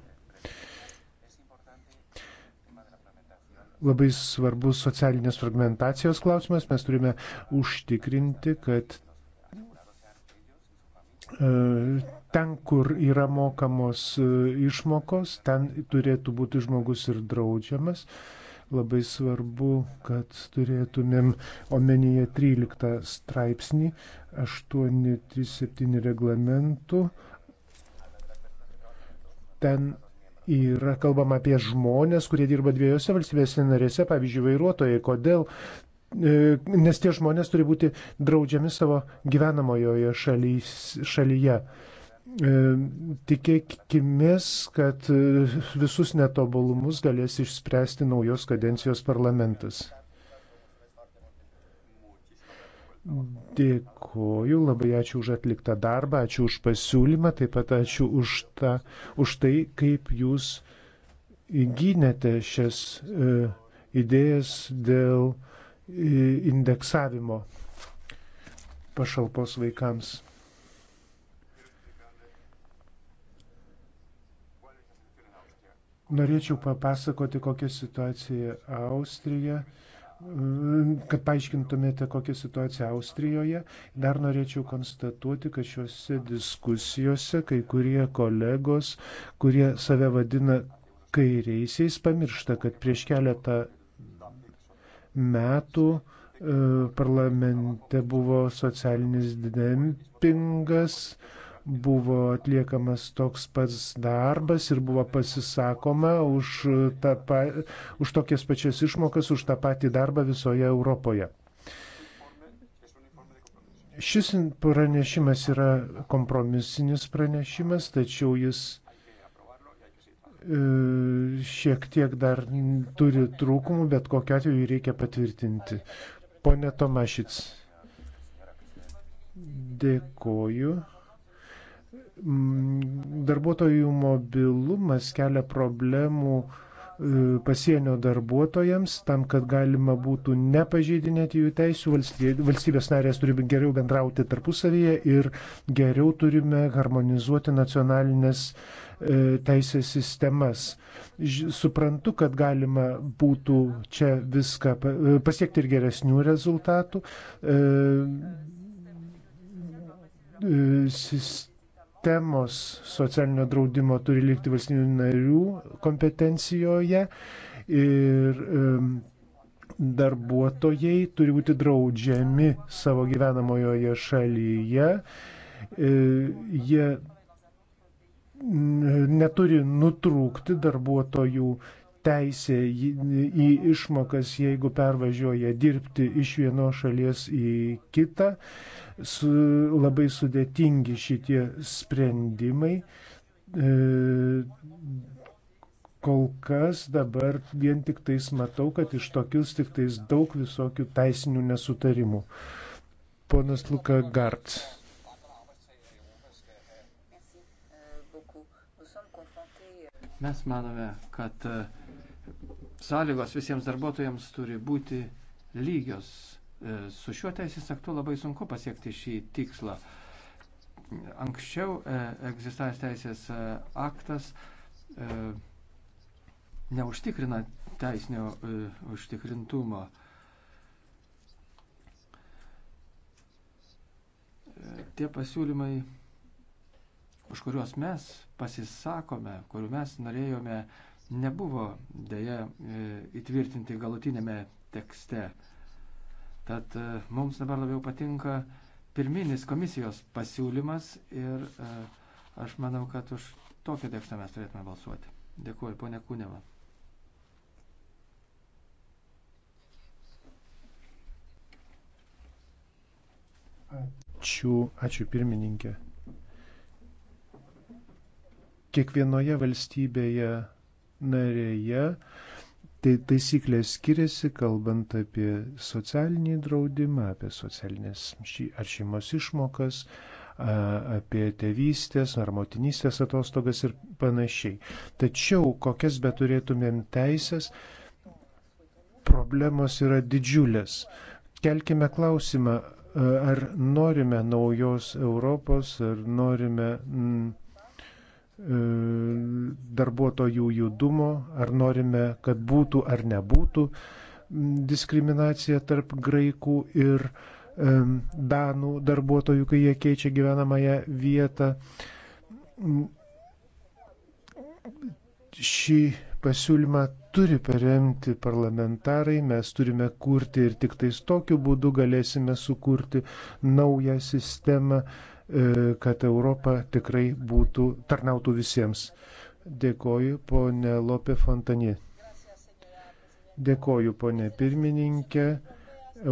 Labai svarbus socialinės fragmentacijos klausimas. Mes turime užtikrinti, kad e, ten, kur yra mokamos e, išmokos, ten turėtų būti žmogus ir draudžiamas. Uh, Labai svarbu, kad turėtumėm omenyje 13 straipsnį 837 reglamentų. Ten yra kalbama apie žmonės, kurie dirba dviejose valstybėse narėse, pavyzdžiui, vairuotojai. Kodėl? E, nes tie žmonės turi būti draudžiami savo gyvenamojoje šalyje. E, tikėkimės, kad visus netobulumus galės išspręsti naujos kadencijos parlamentas. Dėkoju, labai ačiū už atliktą darbą, ačiū už pasiūlymą, taip pat ačiū už, ta, už tai, kaip jūs gynėte šias e, idėjas dėl e, indeksavimo pašalpos vaikams. Norėčiau papasakoti, kokia situacija Austrija, kad paaiškintumėte, kokia situacija Austrijoje. Dar norėčiau konstatuoti, kad šiuose diskusijose kai kurie kolegos, kurie save vadina kairiaisiais, pamiršta, kad prieš keletą metų e, parlamente buvo socialinis dempingas, buvo atliekamas toks pats darbas ir buvo pasisakoma už, ta, pa, už tokias pačias išmokas už tą patį darbą visoje Europoje. Šis pranešimas yra kompromisinis pranešimas, tačiau jis e, šiek tiek dar turi trūkumų, bet kokiu atveju jį reikia patvirtinti. Pone Tomašic, dėkoju. Mm, darbuotojų mobilumas kelia problemų e, pasienio darbuotojams, tam, kad galima būtų nepažeidinėti jų teisų, valstybės narės turi geriau bendrauti tarpusavyje ir geriau turime harmonizuoti nacionalinės e, teisės sistemas. Suprantu, kad galima būtų čia viską e, pasiekti ir geresnių rezultatų. Sistema temos socialinio draudimo turi likti valstybių narių kompetencijoje ir darbuotojai turi būti draudžiami savo gyvenamojoje šalyje. E, jie neturi nutrūkti darbuotojų teisė į išmokas, jeigu pervažiuoja dirbti iš vienos šalies į kitą. Su, labai sudėtingi šitie sprendimai. E, kol kas dabar vien tik tais matau, kad iš tokius tik tais daug visokių teisinių nesutarimų. Ponas Luka Garts. Mes manome, kad uh, sąlygos visiems darbuotojams turi būti lygios. E, su šiuo teisės aktu labai sunku pasiekti šį tikslą. Anksčiau e, egzistavęs teisės e, aktas neužtikrina teisinio užtikrintumo. Tie pasiūlymai, už kuriuos mes pasisakome, kurių mes norėjome uh, nebuvo dėja e, įtvirtinti galutinėme tekste. Tad e, mums dabar labiau patinka pirminis komisijos pasiūlymas ir e, aš manau, kad už tokį tekstą mes turėtume balsuoti. Dėkuoju, ponė Kūneva. Ačiū, ačiū pirmininkė. Kiekvienoje valstybėje narėje. Tai taisyklės skiriasi, kalbant apie socialinį draudimą, apie socialinės ar šeimos išmokas, apie tėvystės ar motinystės atostogas ir panašiai. Tačiau kokias beturėtumėm teisės, problemos yra didžiulės. Kelkime klausimą, ar norime naujos Europos, ar norime mm, E, darbuotojų judumo, ar norime, kad būtų ar nebūtų diskriminacija tarp graikų ir e, danų darbuotojų, kai jie keičia gyvenamąją vietą. Šį pasiūlymą turi paremti parlamentarai, mes turime kurti ir tik tais tokiu būdu galėsime sukurti naują sistemą, E, kad Europa tikrai būtų, tarnautų visiems. Dėkoju, ponė Lopė Fontanie. Dėkoju, ponė pirmininkė.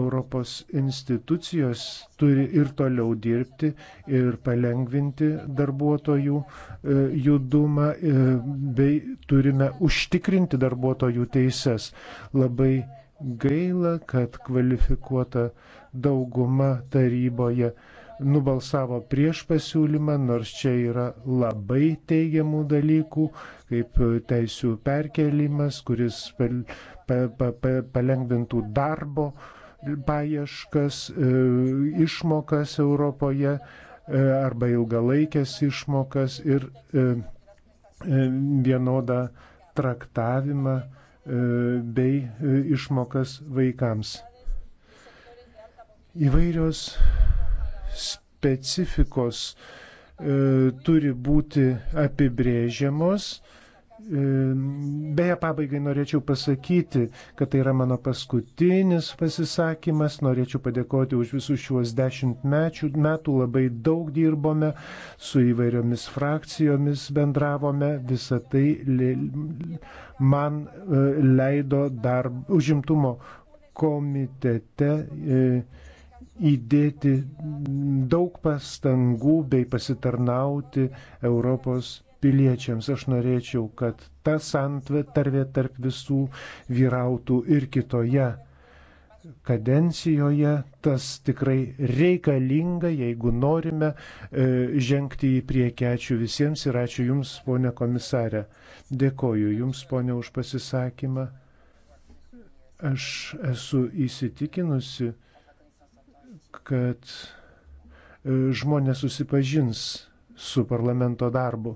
Europos institucijos turi ir toliau dirbti ir palengvinti darbuotojų e, judumą e, bei turime užtikrinti darbuotojų teises. Labai gaila, kad kvalifikuota dauguma taryboje uh, nubalsavo prieš pasiūlymą, nors čia yra labai teigiamų dalykų, kaip teisų perkelimas, kuris palengvintų darbo paieškas, e, išmokas Europoje e, arba ilgalaikės išmokas ir e, vienodą traktavimą bei išmokas vaikams. Įvairios specifikos e, turi būti apibrėžiamos. E, beje, pabaigai norėčiau pasakyti, kad tai yra mano paskutinis pasisakymas. Norėčiau padėkoti už visus šiuos dešimt mečių, metų. Labai daug dirbome, su įvairiomis frakcijomis bendravome. Visą tai le, man e, leido dar užimtumo komitete. E, įdėti daug pastangų bei pasitarnauti Europos piliečiams. Aš norėčiau, kad ta santvarvė tarp visų vyrautų ir kitoje kadencijoje. Tas tikrai reikalinga, jeigu norime e, žengti į priekį. Ačiū visiems ir ačiū Jums, ponė komisarė. Dėkoju Jums, ponė, už pasisakymą. Aš esu įsitikinusi, kad e, žmonės susipažins su parlamento darbu.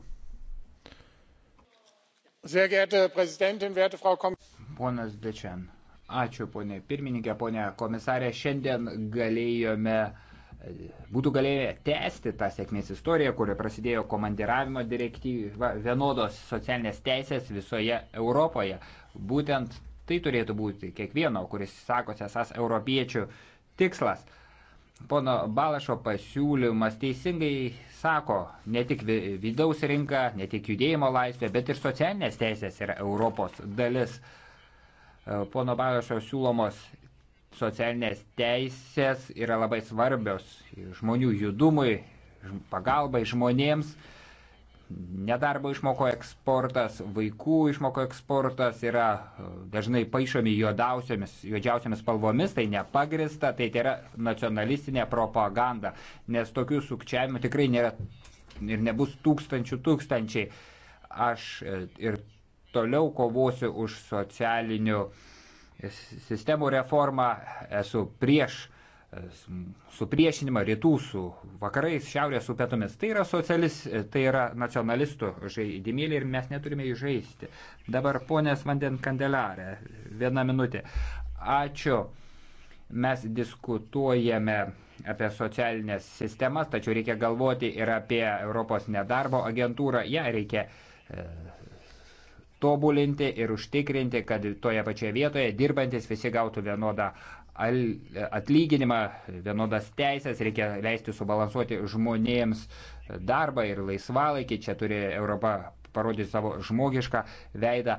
Ponas Dečian, ačiū ponė pirmininkė, ponė komisarė, šiandien galėjome, būtų galėję tęsti tą sėkmės istoriją, kuri prasidėjo komandiravimo direktyva vienodos socialinės teisės visoje Europoje. Būtent tai turėtų būti kiekvieno, kuris sakos esas europiečių tikslas pono Balašo pasiūlymas teisingai sako, ne tik vidaus rinka, ne tik judėjimo laisvė, bet ir socialinės teisės yra Europos dalis. E, pono Balašo siūlomos socialinės teisės yra labai svarbios žmonių judumui, pagalbai žmonėms nedarbo išmoko eksportas, vaikų išmoko eksportas yra e, dažnai paaišomi juodžiausiamis spalvomis, tai nepagrista, tai tai yra nacionalistinė propaganda, nes tokių sukčiavimų tikrai nėra ir nebus tūkstančių tūkstančiai. Aš e, ir toliau kovosiu už socialinių sistemų reformą, esu prieš supriešinimą rytų su vakarais, šiaurės su pietumis. Tai yra socialis, tai yra nacionalistų žaidimėlė ir mes neturime jį žaisti. Dabar ponės Vanden Kandelarė, viena minutė. Ačiū. Mes diskutuojame apie socialinės sistemas, tačiau reikia galvoti ir apie Europos nedarbo agentūrą. Ja reikia e, tobulinti ir užtikrinti, kad toje pačioje vietoje dirbantis visi gautų vienodą atlyginimą, vienodas teisės, reikia leisti subalansuoti žmonėms darbą ir laisvalaikį, čia turi Europa parodyti savo žmogišką veidą.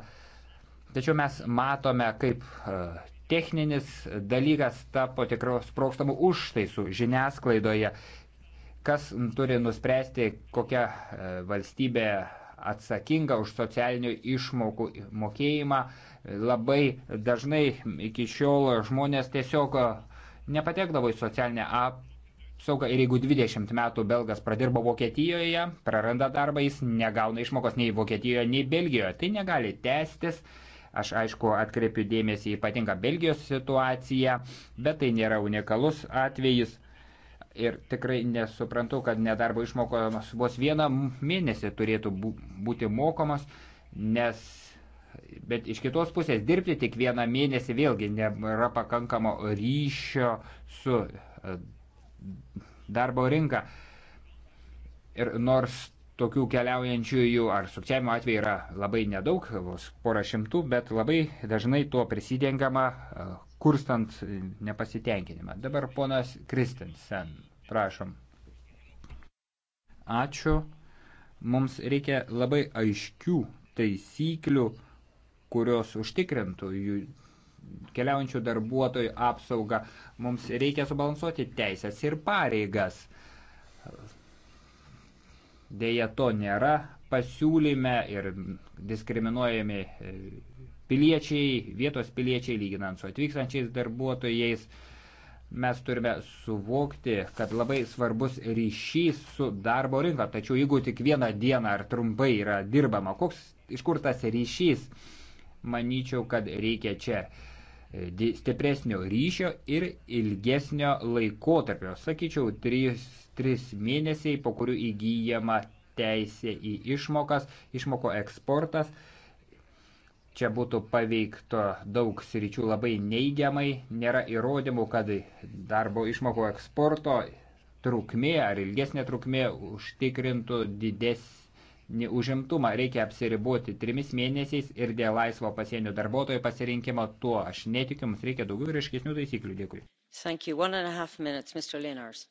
Tačiau mes matome, kaip e, techninis dalykas tapo tikros sprokstamų užtaisų žiniasklaidoje, kas turi nuspręsti, kokia e, valstybė atsakinga už socialinių išmokų mokėjimą. Labai dažnai iki šiol žmonės tiesiog nepatekdavo į socialinę apsaugą ir jeigu 20 metų belgas pradirbo Vokietijoje, praranda darbą, jis negauna išmokos nei Vokietijoje, nei Belgijoje. Tai negali tęstis. Aš aišku atkreipiu dėmesį ypatingą Belgijos situaciją, bet tai nėra unikalus atvejis ir tikrai nesuprantu, kad nedarbo išmokos vos vieną mėnesį turėtų būti mokomas, nes, bet iš kitos pusės dirbti tik vieną mėnesį vėlgi nėra pakankamo ryšio su e, darbo rinka. Ir nors tokių keliaujančiųjų ar sukčiavimo atveju yra labai nedaug, vos pora šimtų, bet labai dažnai tuo prisidengama e, kurstant nepasitenkinimą. Dabar ponas Kristinsen, prašom. Ačiū. Mums reikia labai aiškių taisyklių, kurios užtikrintų jų keliaujančių darbuotojų apsaugą. Mums reikia subalansuoti teisės ir pareigas. Deja, to nėra pasiūlyme ir diskriminuojami piliečiai, vietos piliečiai, lyginant su atvykstančiais darbuotojais. Mes turime suvokti, kad labai svarbus ryšys su darbo rinka, tačiau jeigu tik vieną dieną ar trumpai yra dirbama, koks, iš kur tas ryšys, manyčiau, kad reikia čia e, stipresnio ryšio ir ilgesnio laikotarpio, sakyčiau, 3, 3 mėnesiai, po kurių įgyjama teisė į išmokas, išmoko eksportas Čia būtų paveikto daug sričių labai neigiamai, nėra įrodymų, kad darbo išmokų eksporto trukmė ar ilgesnė trukmė užtikrintų didesnį užimtumą. Reikia apsiriboti trimis mėnesiais ir dėl laisvo pasienio darbuotojų pasirinkimo tuo aš netikiu, mums reikia daugiau ir iškesnių taisyklių. Dėkui. Minutes,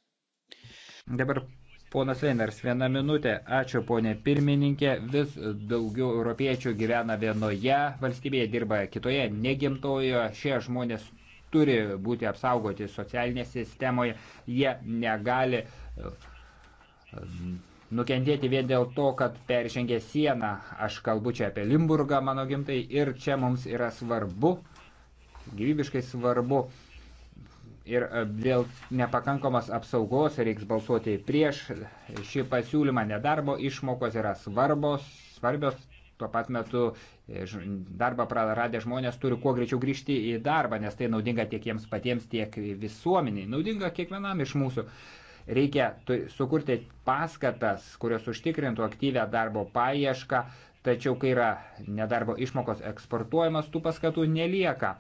Dabar Ponas Leinars, vieną minutę. Ačiū, ponė pirmininkė. Vis daugiau europiečių gyvena vienoje valstybėje, dirba kitoje, negimtojoje. Šie žmonės turi būti apsaugoti socialinėje sistemoje. Jie negali eh, nukentėti vien dėl to, kad peržengė sieną. Aš kalbu čia apie Limburgą, mano gimtai, ir čia mums yra svarbu, gyvybiškai svarbu ir e, dėl nepakankamos apsaugos reiks balsuoti prieš šį pasiūlymą. Nedarbo išmokos yra svarbos, svarbios. Tuo pat metu e, darbą praradę žmonės turi kuo greičiau grįžti į darbą, nes tai naudinga tiek jiems patiems, tiek visuomeniai. Naudinga kiekvienam iš mūsų. Reikia sukurti paskatas, kurios užtikrintų aktyvę darbo paiešką, tačiau kai yra nedarbo išmokos eksportuojamas, tų paskatų nelieka.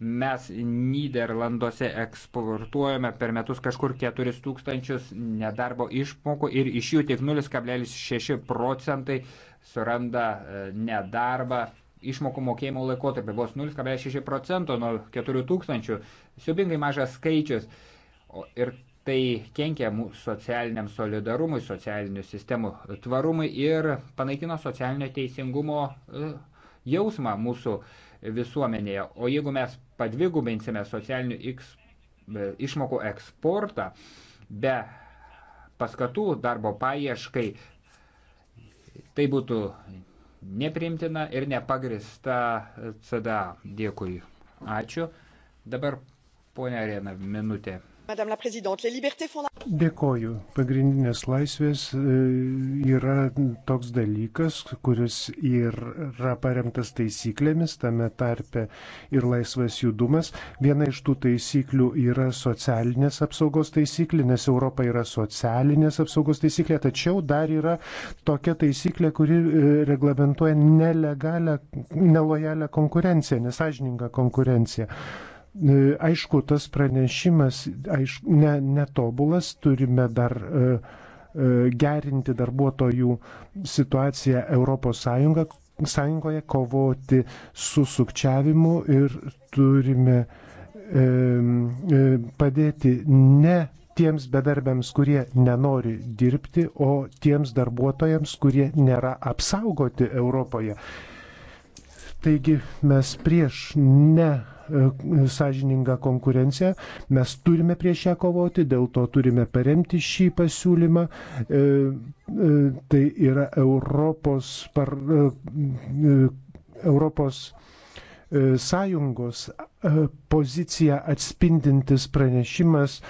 Mes Niderlanduose eksportuojame per metus kažkur 4 tūkstančius nedarbo išmokų ir iš jų tik 0,6 procentai suranda e, nedarbą išmokų mokėjimo laikotarpį. Vos 0,6 procento nuo 4 tūkstančių. Siubingai mažas skaičius. Ir tai kenkia mūsų socialiniam solidarumui, socialinių sistemų tvarumui ir panaikino socialinio teisingumo e, jausmą mūsų visuomenėje. O jeigu mes padvigubinsime socialinių X, e, išmokų eksportą be paskatų darbo paieškai, tai būtų nepriimtina ir nepagrista CDA. Dėkui. Ačiū. Dabar, ponia Arena, minutė. Dėkoju. Pagrindinės laisvės e, yra toks dalykas, kuris yra paremtas taisyklėmis, tame tarpe ir laisvas judumas. Viena iš tų taisyklių yra socialinės apsaugos taisyklė, nes Europa yra socialinės apsaugos taisyklė, tačiau dar yra tokia taisyklė, kuri e, reglamentuoja nelegalią, nelojalią konkurenciją, nesažininką konkurenciją. E, aišku, tas pranešimas aišku, ne, netobulas, turime dar e, e, gerinti darbuotojų situaciją Europos Sąjunga, Sąjungoje, kovoti su sukčiavimu ir turime padėti ne tiems bedarbiams, kurie nenori dirbti, o tiems darbuotojams, kurie nėra apsaugoti Europoje. Taigi mes prieš ne E, sąžiningą konkurenciją. Mes turime prieš ją kovoti, dėl to turime paremti šį pasiūlymą. E, e, tai yra Europos, par, Europos sąjungos poziciją atspindintis pranešimas,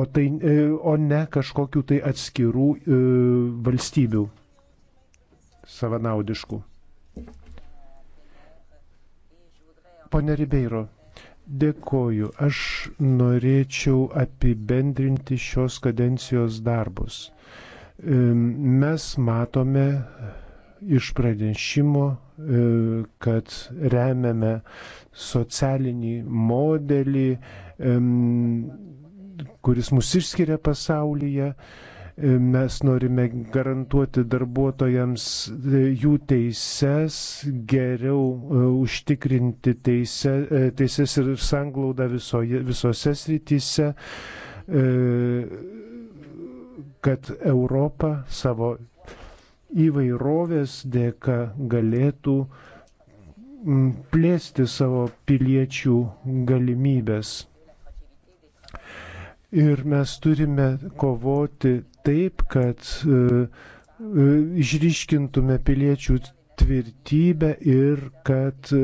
o, tai, o ne kažkokių tai atskirų valstybių savanaudiškų. Pone Ribeiro, dėkoju. Aš norėčiau apibendrinti šios kadencijos darbus. Mes matome iš pranešimo, e, kad remiame socialinį modelį, kuris mus išskiria pasaulyje. Mes norime garantuoti darbuotojams e, jų teises, geriau e, užtikrinti teise, e, teises ir sanglaudą visoje, visose srityse, kad Europa savo įvairovės dėka galėtų plėsti savo piliečių galimybės. Ir mes turime kovoti taip, kad e, e, išryškintume piliečių tvirtybę ir kad e,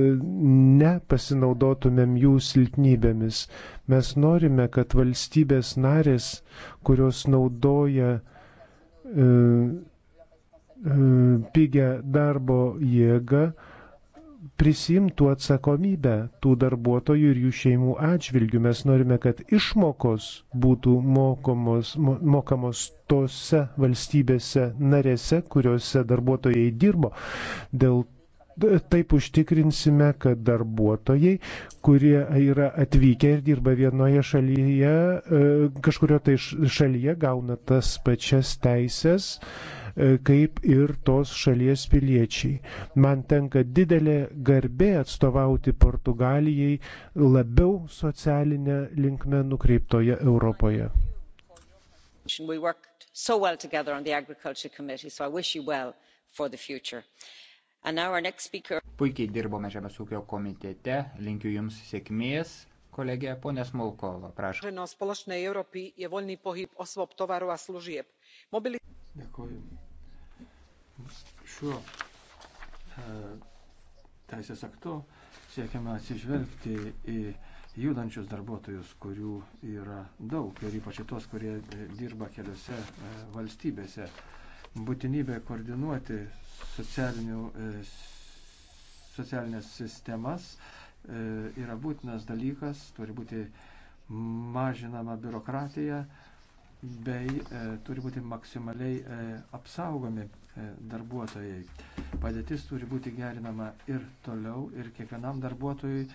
nepasinaudotumėm jų silpnybėmis. Mes norime, kad valstybės narės, kurios naudoja e, e, pigę darbo jėgą, e, prisimtų atsakomybę tų darbuotojų ir jų šeimų atžvilgių. Mes norime, kad išmokos būtų mokomos, mokamos tose valstybėse narėse, kuriuose darbuotojai dirbo. Dėl Taip užtikrinsime, kad darbuotojai, kurie yra atvykę ir dirba vienoje šalyje, e, kažkurio tai šalyje gauna tas pačias teisės, kaip ir tos šalies piliečiai. Man tenka didelė garbė atstovauti Portugalijai labiau socialinę linkmę nukreiptoje Europoje. We worked so well together on the Agriculture Committee, so I wish you well for the future. Puikiai dirbome Žemės ūkio komitete, linkiu Jums sėkmės, kolegė ponė Smolkova, prašau. Dėkuoju šiuo e, teisės aktu siekiame atsižvelgti į judančius darbuotojus, kurių yra daug ir ypač tos, kurie e, dirba keliose e, valstybėse. Būtinybė koordinuoti socialinės sistemas yra būtinas dalykas, turi būti mažinama biurokratija bei turi būti maksimaliai apsaugomi E, darbuotojai. Padėtis turi būti gerinama ir toliau ir kiekvienam darbuotojui e,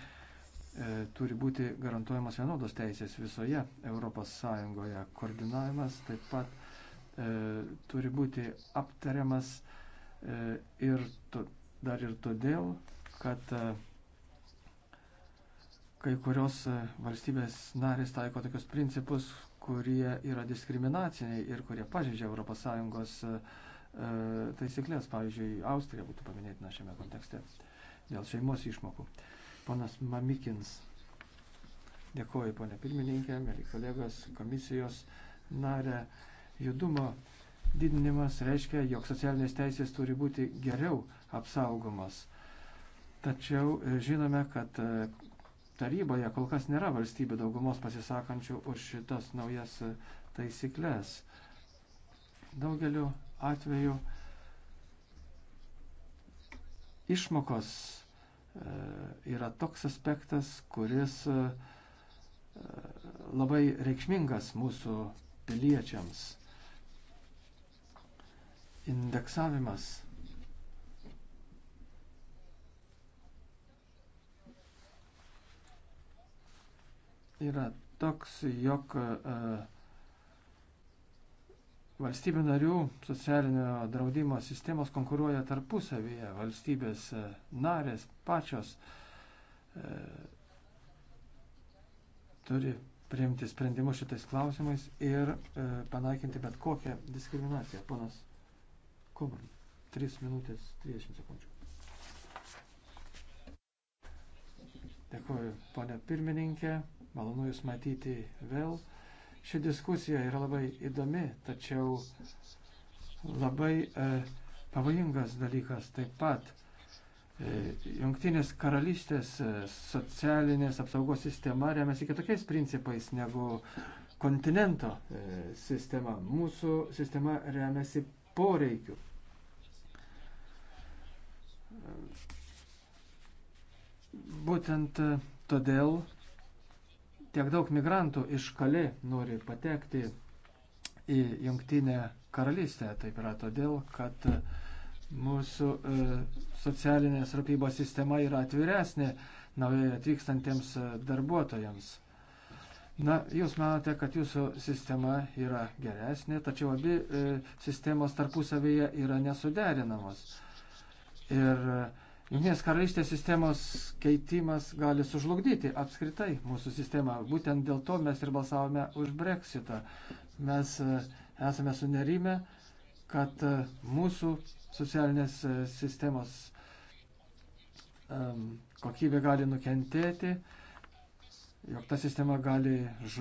turi būti garantuojamas vienodos teisės visoje ES. Koordinavimas taip pat e, turi būti aptariamas e, ir to, dar ir todėl, kad e, kai kurios e, valstybės narės taiko tokius principus, kurie yra diskriminaciniai ir kurie pažeidžia ES E, taisyklės. Pavyzdžiui, Austrija būtų paminėtina šiame kontekste dėl šeimos išmokų. Ponas Mamikins, dėkoju ponė pirmininkė, mėly kolegos, komisijos narė. Judumo didinimas reiškia, jog socialinės teisės turi būti geriau apsaugomas. Tačiau e, žinome, kad e, taryboje kol kas nėra valstybių daugumos pasisakančių už šitas naujas taisyklės. Daugeliu atveju išmokos e, yra toks aspektas, kuris e, labai reikšmingas mūsų piliečiams. Indeksavimas yra toks, jog uh, Valstybių narių socialinio draudimo sistemos konkuruoja tarpusavyje. Valstybės e, narės pačios e, turi priimti sprendimus šitais klausimais ir e, panaikinti bet kokią diskriminaciją. Ponas Kuman, 3 minutės 30 sekundžių. Dėkuoju, ponė pirmininkė, malonu Jūs matyti vėl. Ši diskusija yra labai įdomi, tačiau labai e, pavojingas dalykas taip pat. E, Junktinės karalystės e, socialinės apsaugos sistema remiasi kitokiais principais negu kontinento e, sistema. Mūsų sistema remiasi poreikiu. E, būtent e, todėl tiek daug migrantų iš Kali nori patekti į Jungtinę karalystę. Taip yra todėl, kad mūsų e, socialinės rūpybos sistema yra atviresnė naujai atvykstantiems e, darbuotojams. Na, jūs manote, kad jūsų sistema yra geresnė, tačiau abi e, sistemos tarpusavėje yra nesuderinamos. Ir Jungtinės karalystės sistemos keitimas gali sužlugdyti apskritai mūsų sistemą. Būtent dėl to mes ir balsavome už breksitą. Mes e, esame sunerime, kad e, mūsų socialinės e, sistemos kokybė gali nukentėti, jog ta sistema gali žlugti.